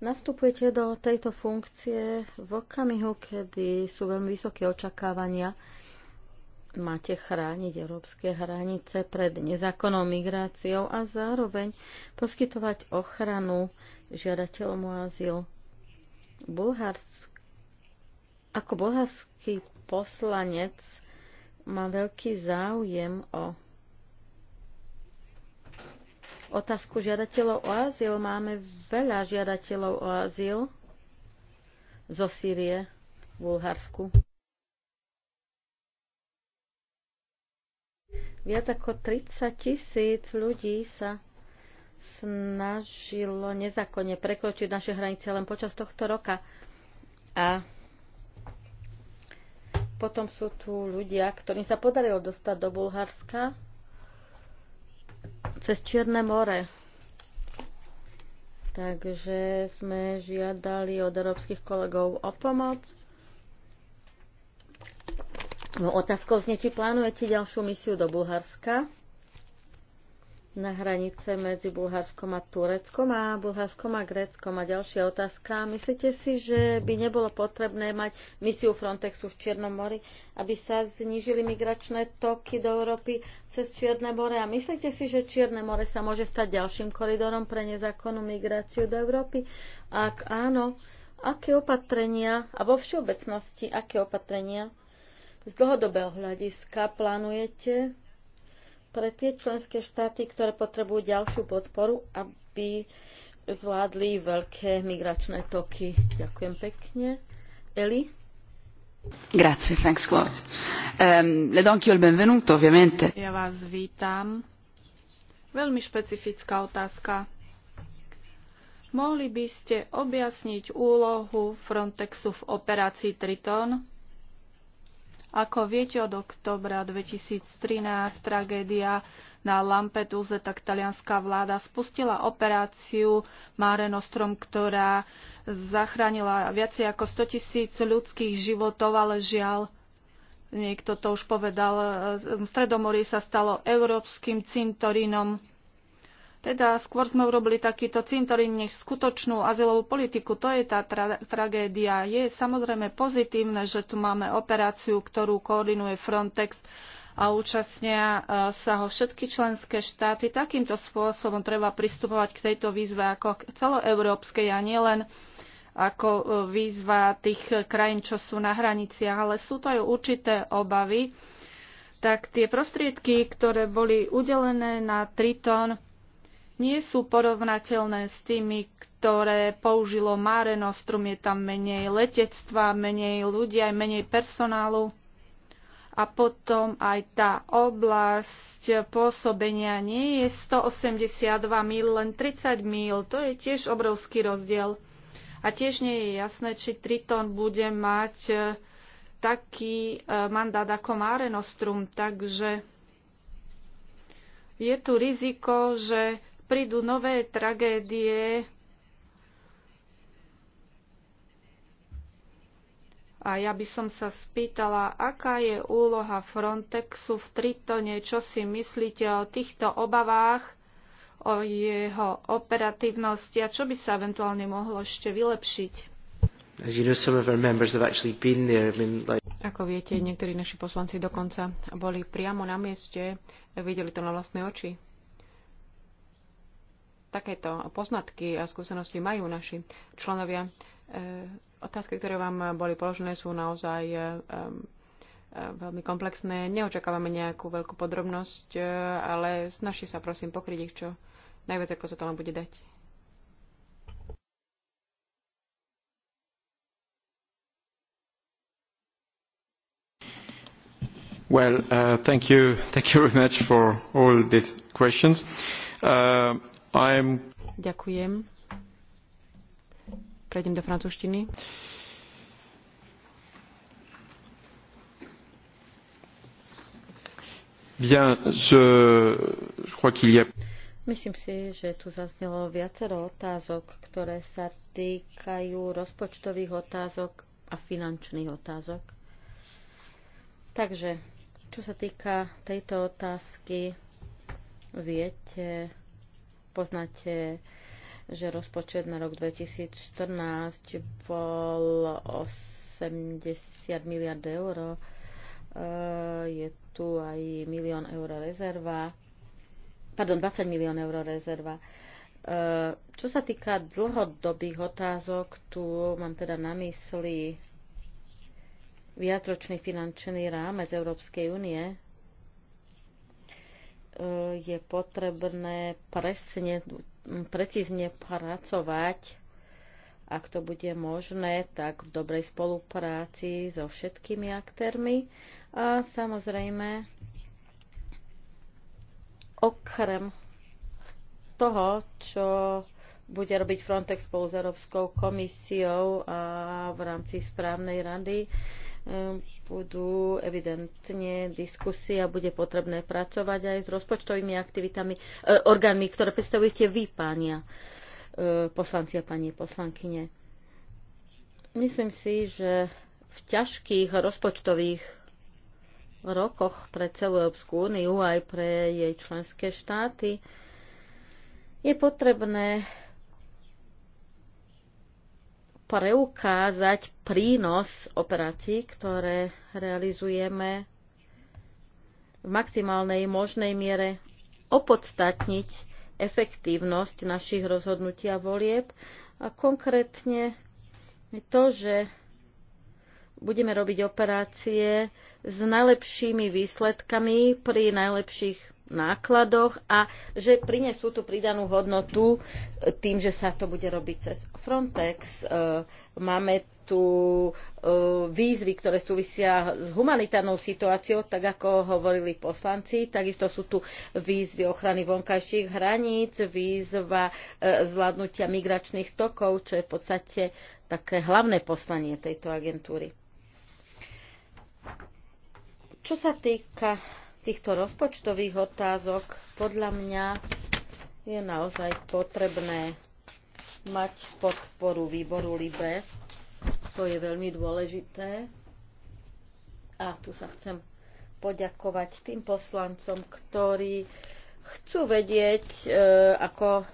Nastupujete do tejto funkcie v okamihu, kedy sú veľmi vysoké očakávania máte chrániť európske hranice pred nezákonnou migráciou a zároveň poskytovať ochranu žiadateľom o azyl. Bulharsk... Ako bulharský poslanec mám veľký záujem o otázku žiadateľov o azyl. Máme veľa žiadateľov o azyl zo Sýrie v Bulharsku. Viac ako 30 tisíc ľudí sa snažilo nezákonne prekročiť naše hranice len počas tohto roka. A potom sú tu ľudia, ktorým sa podarilo dostať do Bulharska cez Čierne more. Takže sme žiadali od európskych kolegov o pomoc Otázkou znie, či plánujete ďalšiu misiu do Bulharska na hranice medzi Bulharskom a Tureckom a Bulharskom a Gréckom. A ďalšia otázka. Myslíte si, že by nebolo potrebné mať misiu Frontexu v Čiernom mori, aby sa znížili migračné toky do Európy cez Čierne more? A myslíte si, že Čierne more sa môže stať ďalším koridorom pre nezákonnú migráciu do Európy? Ak áno, aké opatrenia, a vo všeobecnosti, aké opatrenia z dlhodobého hľadiska plánujete pre tie členské štáty, ktoré potrebujú ďalšiu podporu, aby zvládli veľké migračné toky. Ďakujem pekne. Eli? Grazie, thanks Claude. Um, le do il benvenuto, ovviamente. Ja vás vítam. Veľmi špecifická otázka. Mohli by ste objasniť úlohu Frontexu v operácii Triton? Ako viete, od oktobra 2013 tragédia na Lampeduze, tak talianská vláda spustila operáciu Mare Nostrum, ktorá zachránila viacej ako 100 tisíc ľudských životov, ale žiaľ, niekto to už povedal, Stredomorie sa stalo európskym cintorínom teda skôr sme urobili takýto cintorín nech skutočnú azylovú politiku. To je tá tra- tragédia. Je samozrejme pozitívne, že tu máme operáciu, ktorú koordinuje Frontex a účastnia e, sa ho všetky členské štáty. Takýmto spôsobom treba pristupovať k tejto výzve ako k celoeurópskej a nielen ako e, výzva tých krajín, čo sú na hraniciach, ale sú to aj určité obavy. Tak tie prostriedky, ktoré boli udelené na Triton, nie sú porovnateľné s tými, ktoré použilo Mare Nostrum. Je tam menej letectva, menej ľudí, aj menej personálu. A potom aj tá oblasť pôsobenia nie je 182 mil, len 30 mil. To je tiež obrovský rozdiel. A tiež nie je jasné, či Triton bude mať e, taký e, mandát ako Mare Nostrum. Takže je tu riziko, že prídu nové tragédie a ja by som sa spýtala, aká je úloha Frontexu v Tritone, čo si myslíte o týchto obavách, o jeho operatívnosti a čo by sa eventuálne mohlo ešte vylepšiť. Ako viete, niektorí naši poslanci dokonca boli priamo na mieste, videli to na vlastné oči takéto poznatky a skúsenosti majú naši členovia. E, otázky, ktoré vám boli položené, sú naozaj e, e, veľmi komplexné. Neočakávame nejakú veľkú podrobnosť, ale snaží sa prosím pokryť ich čo najviac, ako sa to len bude dať. Well, uh, thank you, thank you very much for all these questions. Uh, Ďakujem. Prejdem do francúzštiny. Bien, je, je crois qu'il y a... Myslím si, že tu zaznelo viacero otázok, ktoré sa týkajú rozpočtových otázok a finančných otázok. Takže, čo sa týka tejto otázky, viete, Poznáte, že rozpočet na rok 2014 bol 80 miliard eur. E, je tu aj milión eur rezerva. Pardon, 20 milión eur rezerva. E, čo sa týka dlhodobých otázok, tu mám teda na mysli viatročný finančný rámec Európskej únie, E, je potrebné presne, precízne pracovať ak to bude možné, tak v dobrej spolupráci so všetkými aktérmi. A samozrejme, okrem toho, čo bude robiť Frontex spolu s Európskou komisiou a v rámci správnej rady, budú evidentne diskusie a bude potrebné pracovať aj s rozpočtovými aktivitami, e, orgánmi, ktoré predstavujete vy, pánia e, poslanci a pani poslankyne. Myslím si, že v ťažkých rozpočtových rokoch pre celú Európsku úniu aj pre jej členské štáty je potrebné preukázať prínos operácií, ktoré realizujeme v maximálnej možnej miere opodstatniť efektívnosť našich rozhodnutí a volieb a konkrétne to, že budeme robiť operácie s najlepšími výsledkami pri najlepších nákladoch a že prinesú tú pridanú hodnotu e, tým, že sa to bude robiť cez Frontex. E, máme tu e, výzvy, ktoré súvisia s humanitárnou situáciou, tak ako hovorili poslanci. Takisto sú tu výzvy ochrany vonkajších hraníc, výzva zvládnutia migračných tokov, čo je v podstate také hlavné poslanie tejto agentúry. Čo sa týka týchto rozpočtových otázok podľa mňa je naozaj potrebné mať podporu výboru LIBE. To je veľmi dôležité. A tu sa chcem poďakovať tým poslancom, ktorí chcú vedieť, e, ako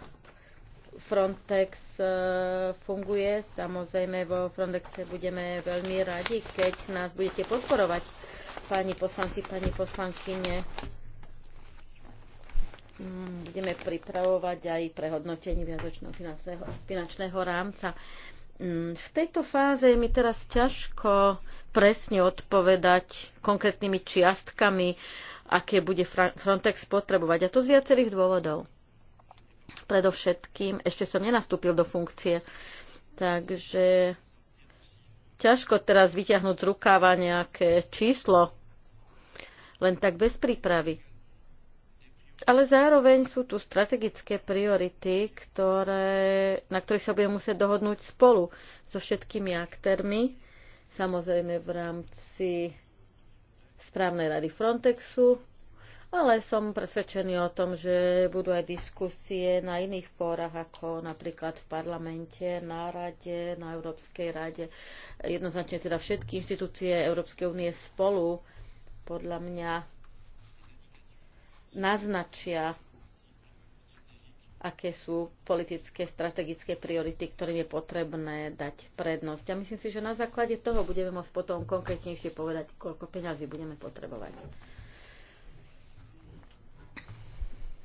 Frontex e, funguje. Samozrejme, vo Frontexe budeme veľmi radi, keď nás budete podporovať páni poslanci, pani poslankyne. Mm, budeme pripravovať aj prehodnotenie viazočného finančného rámca. Mm, v tejto fáze je mi teraz ťažko presne odpovedať konkrétnymi čiastkami, aké bude Frontex potrebovať. A to z viacerých dôvodov. Predovšetkým, ešte som nenastúpil do funkcie, takže ťažko teraz vyťahnuť z rukáva nejaké číslo, len tak bez prípravy. Ale zároveň sú tu strategické priority, ktoré, na ktorých sa budeme musieť dohodnúť spolu so všetkými aktérmi, samozrejme v rámci správnej rady Frontexu, ale som presvedčený o tom, že budú aj diskusie na iných fórach, ako napríklad v parlamente, na rade, na Európskej rade. Jednoznačne teda všetky inštitúcie Európskej únie spolu podľa mňa naznačia, aké sú politické, strategické priority, ktorým je potrebné dať prednosť. A myslím si, že na základe toho budeme môcť potom konkrétnejšie povedať, koľko peňazí budeme potrebovať.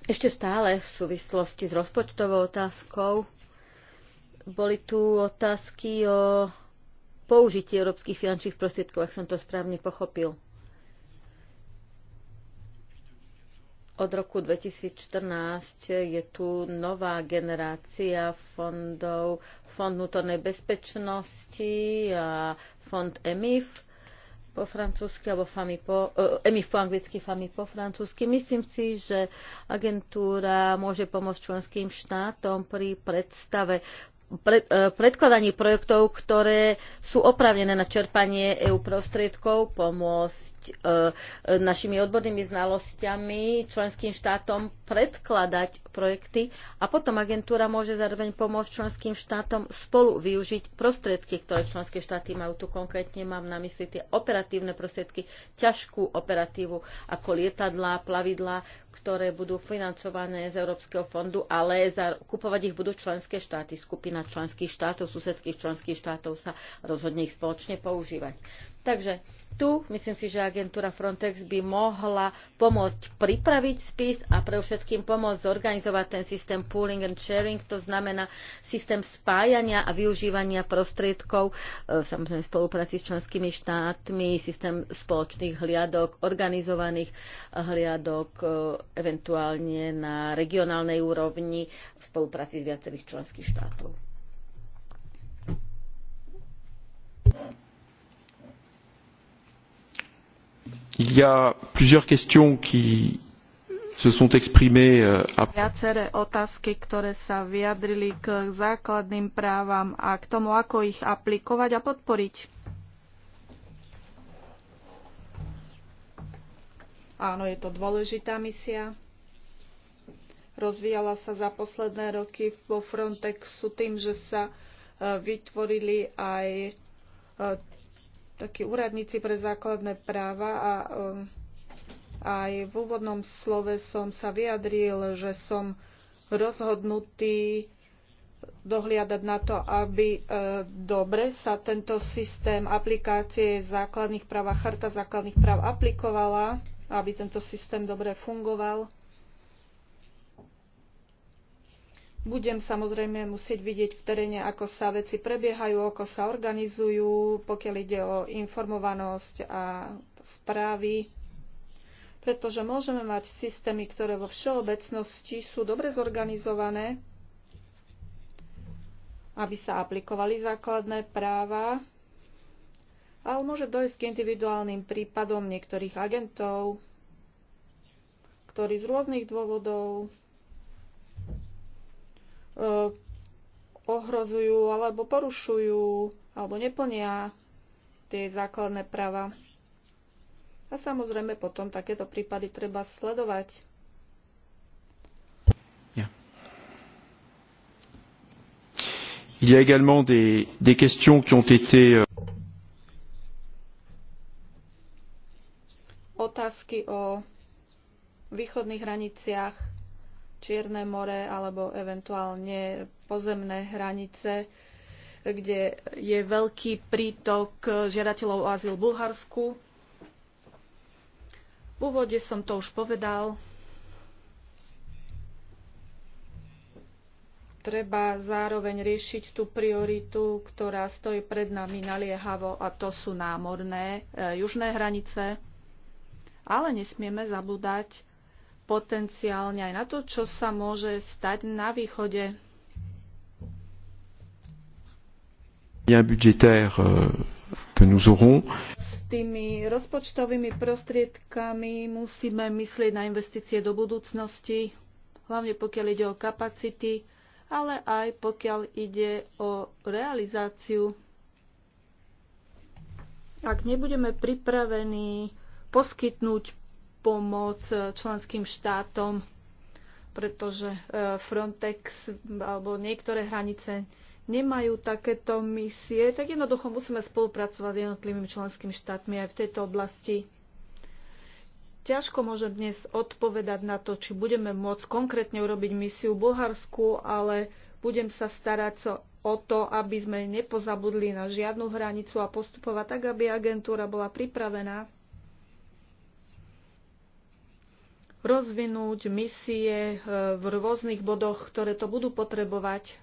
Ešte stále v súvislosti s rozpočtovou otázkou boli tu otázky o použití európskych finančných prostriedkov, ak som to správne pochopil. Od roku 2014 je tu nová generácia fondov, Fond vnútornej bezpečnosti a Fond EMIF po francúzsky alebo FAMI po, eh, EMI po anglicky, FAMI po francúzsky. Myslím si, že agentúra môže pomôcť členským štátom pri predstave pred, e, predkladaní projektov, ktoré sú opravnené na čerpanie EU prostriedkov, pomôcť E, e, našimi odbornými znalosťami členským štátom predkladať projekty a potom agentúra môže zároveň pomôcť členským štátom spolu využiť prostriedky, ktoré členské štáty majú. Tu konkrétne mám na mysli tie operatívne prostriedky, ťažkú operatívu ako lietadlá, plavidlá, ktoré budú financované z Európskeho fondu, ale za, kupovať ich budú členské štáty. Skupina členských štátov, susedských členských štátov sa rozhodne ich spoločne používať. Takže tu myslím si, že agentúra Frontex by mohla pomôcť pripraviť spis a pre všetkým pomôcť zorganizovať ten systém pooling and sharing, to znamená systém spájania a využívania prostriedkov, e, samozrejme v spolupráci s členskými štátmi, systém spoločných hliadok, organizovaných hliadok, e, eventuálne na regionálnej úrovni v spolupráci s viacerých členských štátov. Euh, Viaceré otázky, ktoré sa vyjadrili k základným právam a k tomu, ako ich aplikovať a podporiť. Áno, je to dôležitá misia. Rozvíjala sa za posledné roky vo Frontexu tým, že sa e, vytvorili aj e, takí úradníci pre základné práva a eh, aj v úvodnom slove som sa vyjadril, že som rozhodnutý dohliadať na to, aby eh, dobre sa tento systém aplikácie základných práv a charta základných práv aplikovala, aby tento systém dobre fungoval. Budem samozrejme musieť vidieť v teréne, ako sa veci prebiehajú, ako sa organizujú, pokiaľ ide o informovanosť a správy, pretože môžeme mať systémy, ktoré vo všeobecnosti sú dobre zorganizované, aby sa aplikovali základné práva, ale môže dojsť k individuálnym prípadom niektorých agentov, ktorí z rôznych dôvodov Eh, ohrozujú alebo porušujú alebo neplnia tie základné práva. A samozrejme potom takéto prípady treba sledovať. Il y a également des, des questions qui ont été euh, otázky o východných hraniciach Čierne more alebo eventuálne pozemné hranice, kde je veľký prítok žiadateľov o azyl v Bulharsku. V úvode som to už povedal. Treba zároveň riešiť tú prioritu, ktorá stojí pred nami naliehavo, a to sú námorné e, južné hranice. Ale nesmieme zabúdať potenciálne aj na to, čo sa môže stať na východe. Euh, S tými rozpočtovými prostriedkami musíme myslieť na investície do budúcnosti, hlavne pokiaľ ide o kapacity, ale aj pokiaľ ide o realizáciu. Ak nebudeme pripravení poskytnúť pomoc e, členským štátom, pretože e, Frontex alebo niektoré hranice nemajú takéto misie, tak jednoducho musíme spolupracovať s jednotlivými členskými štátmi aj v tejto oblasti. Ťažko môžem dnes odpovedať na to, či budeme môcť konkrétne urobiť misiu v Bulharsku, ale budem sa starať o to, aby sme nepozabudli na žiadnu hranicu a postupovať tak, aby agentúra bola pripravená rozvinúť misie e, v rôznych bodoch, ktoré to budú potrebovať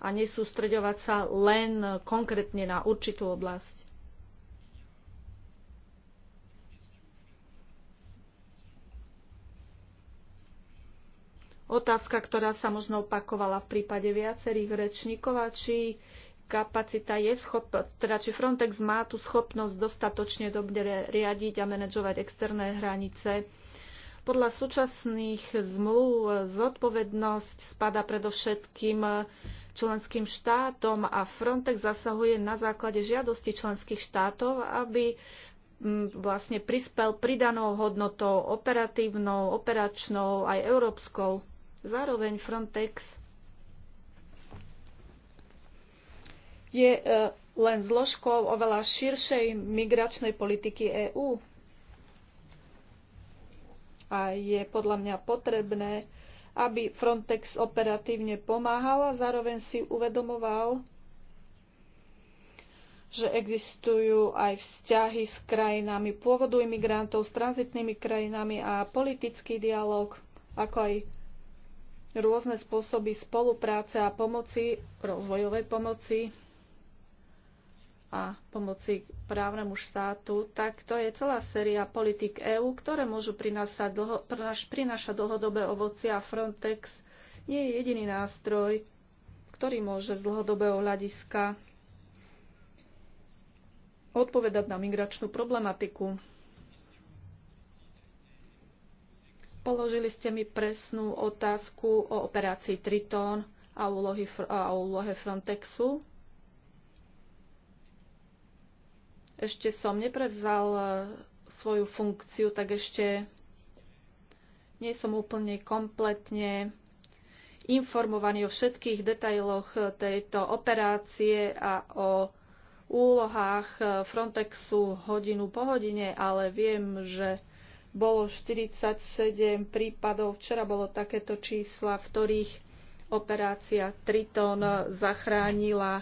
a nesústreďovať sa len konkrétne na určitú oblasť. Otázka, ktorá sa možno opakovala v prípade viacerých rečníkov, a či kapacita je schop, teda či Frontex má tú schopnosť dostatočne dobre riadiť a manažovať externé hranice podľa súčasných zmluv zodpovednosť spada predovšetkým členským štátom a Frontex zasahuje na základe žiadosti členských štátov, aby mm, vlastne prispel pridanou hodnotou operatívnou, operačnou aj európskou. Zároveň Frontex je e, len zložkou oveľa širšej migračnej politiky EÚ a je podľa mňa potrebné, aby Frontex operatívne pomáhal a zároveň si uvedomoval, že existujú aj vzťahy s krajinami pôvodu imigrantov, s tranzitnými krajinami a politický dialog, ako aj rôzne spôsoby spolupráce a pomoci, rozvojovej pomoci a pomoci právnemu štátu, tak to je celá séria politik EÚ, ktoré môžu prinášať, dlho, dlhodobé ovoci a Frontex nie je jediný nástroj, ktorý môže z dlhodobého hľadiska odpovedať na migračnú problematiku. Položili ste mi presnú otázku o operácii Triton a, úlohe Frontexu ešte som neprevzal e, svoju funkciu, tak ešte nie som úplne kompletne informovaný o všetkých detailoch e, tejto operácie a o úlohách e, Frontexu hodinu po hodine, ale viem, že bolo 47 prípadov. Včera bolo takéto čísla, v ktorých operácia Triton zachránila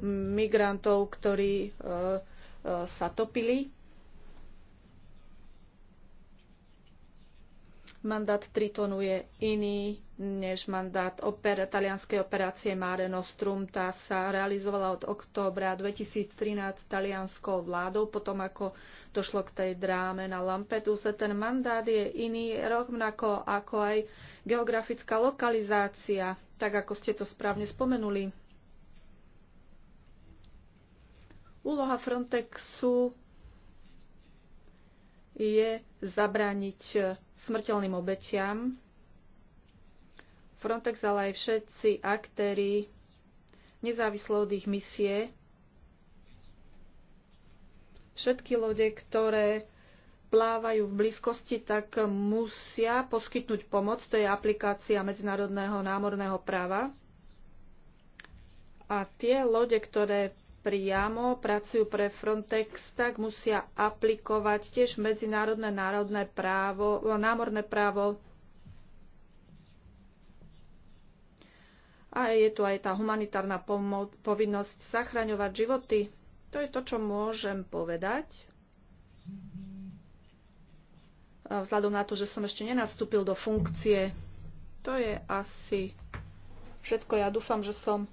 migrantov, ktorí sa topili. Mandát Tritonu je iný než mandát oper- talianskej operácie Mare Nostrum. Tá sa realizovala od októbra 2013 talianskou vládou, potom ako došlo k tej dráme na Lampeduse. Ten mandát je iný rovnako ako aj geografická lokalizácia, tak ako ste to správne spomenuli. Úloha Frontexu je zabrániť smrteľným obetiam. Frontex, ale aj všetci aktéry, nezávisle od ich misie, všetky lode, ktoré plávajú v blízkosti, tak musia poskytnúť pomoc. To je aplikácia medzinárodného námorného práva. A tie lode, ktoré priamo pracujú pre Frontex, tak musia aplikovať tiež medzinárodné národné právo, námorné právo. A je tu aj tá humanitárna pomo- povinnosť zachraňovať životy. To je to, čo môžem povedať. Vzhľadom na to, že som ešte nenastúpil do funkcie, to je asi všetko. Ja dúfam, že som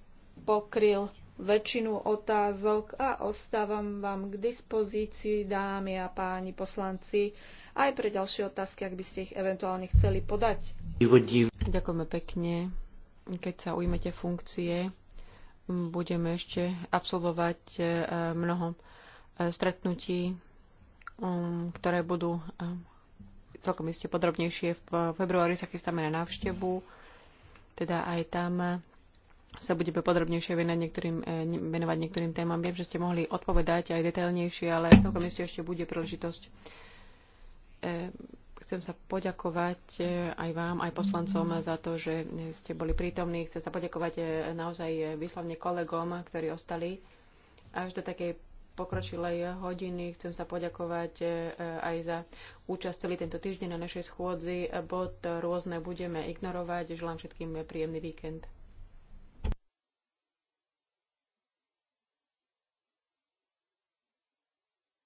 pokryl väčšinu otázok a ostávam vám k dispozícii, dámy a páni poslanci, aj pre ďalšie otázky, ak by ste ich eventuálne chceli podať. Ďakujeme pekne. Keď sa ujmete funkcie, budeme ešte absolvovať eh, mnoho eh, stretnutí, um, ktoré budú eh, celkom iste podrobnejšie. V februári sa chystáme na návštevu, teda aj tam sa budeme podrobnejšie venovať niektorým, eh, venovať niektorým témam. Viem, že ste mohli odpovedať aj detailnejšie, ale celkom ešte ešte bude príležitosť. Eh, chcem sa poďakovať eh, aj vám, aj poslancom za to, že ste boli prítomní. Chcem sa poďakovať naozaj výslovne kolegom, ktorí ostali až do takej pokročilej hodiny. Chcem sa poďakovať aj za účasť celý tento týždeň na našej schôdzi. Bod rôzne budeme ignorovať. Želám všetkým príjemný víkend.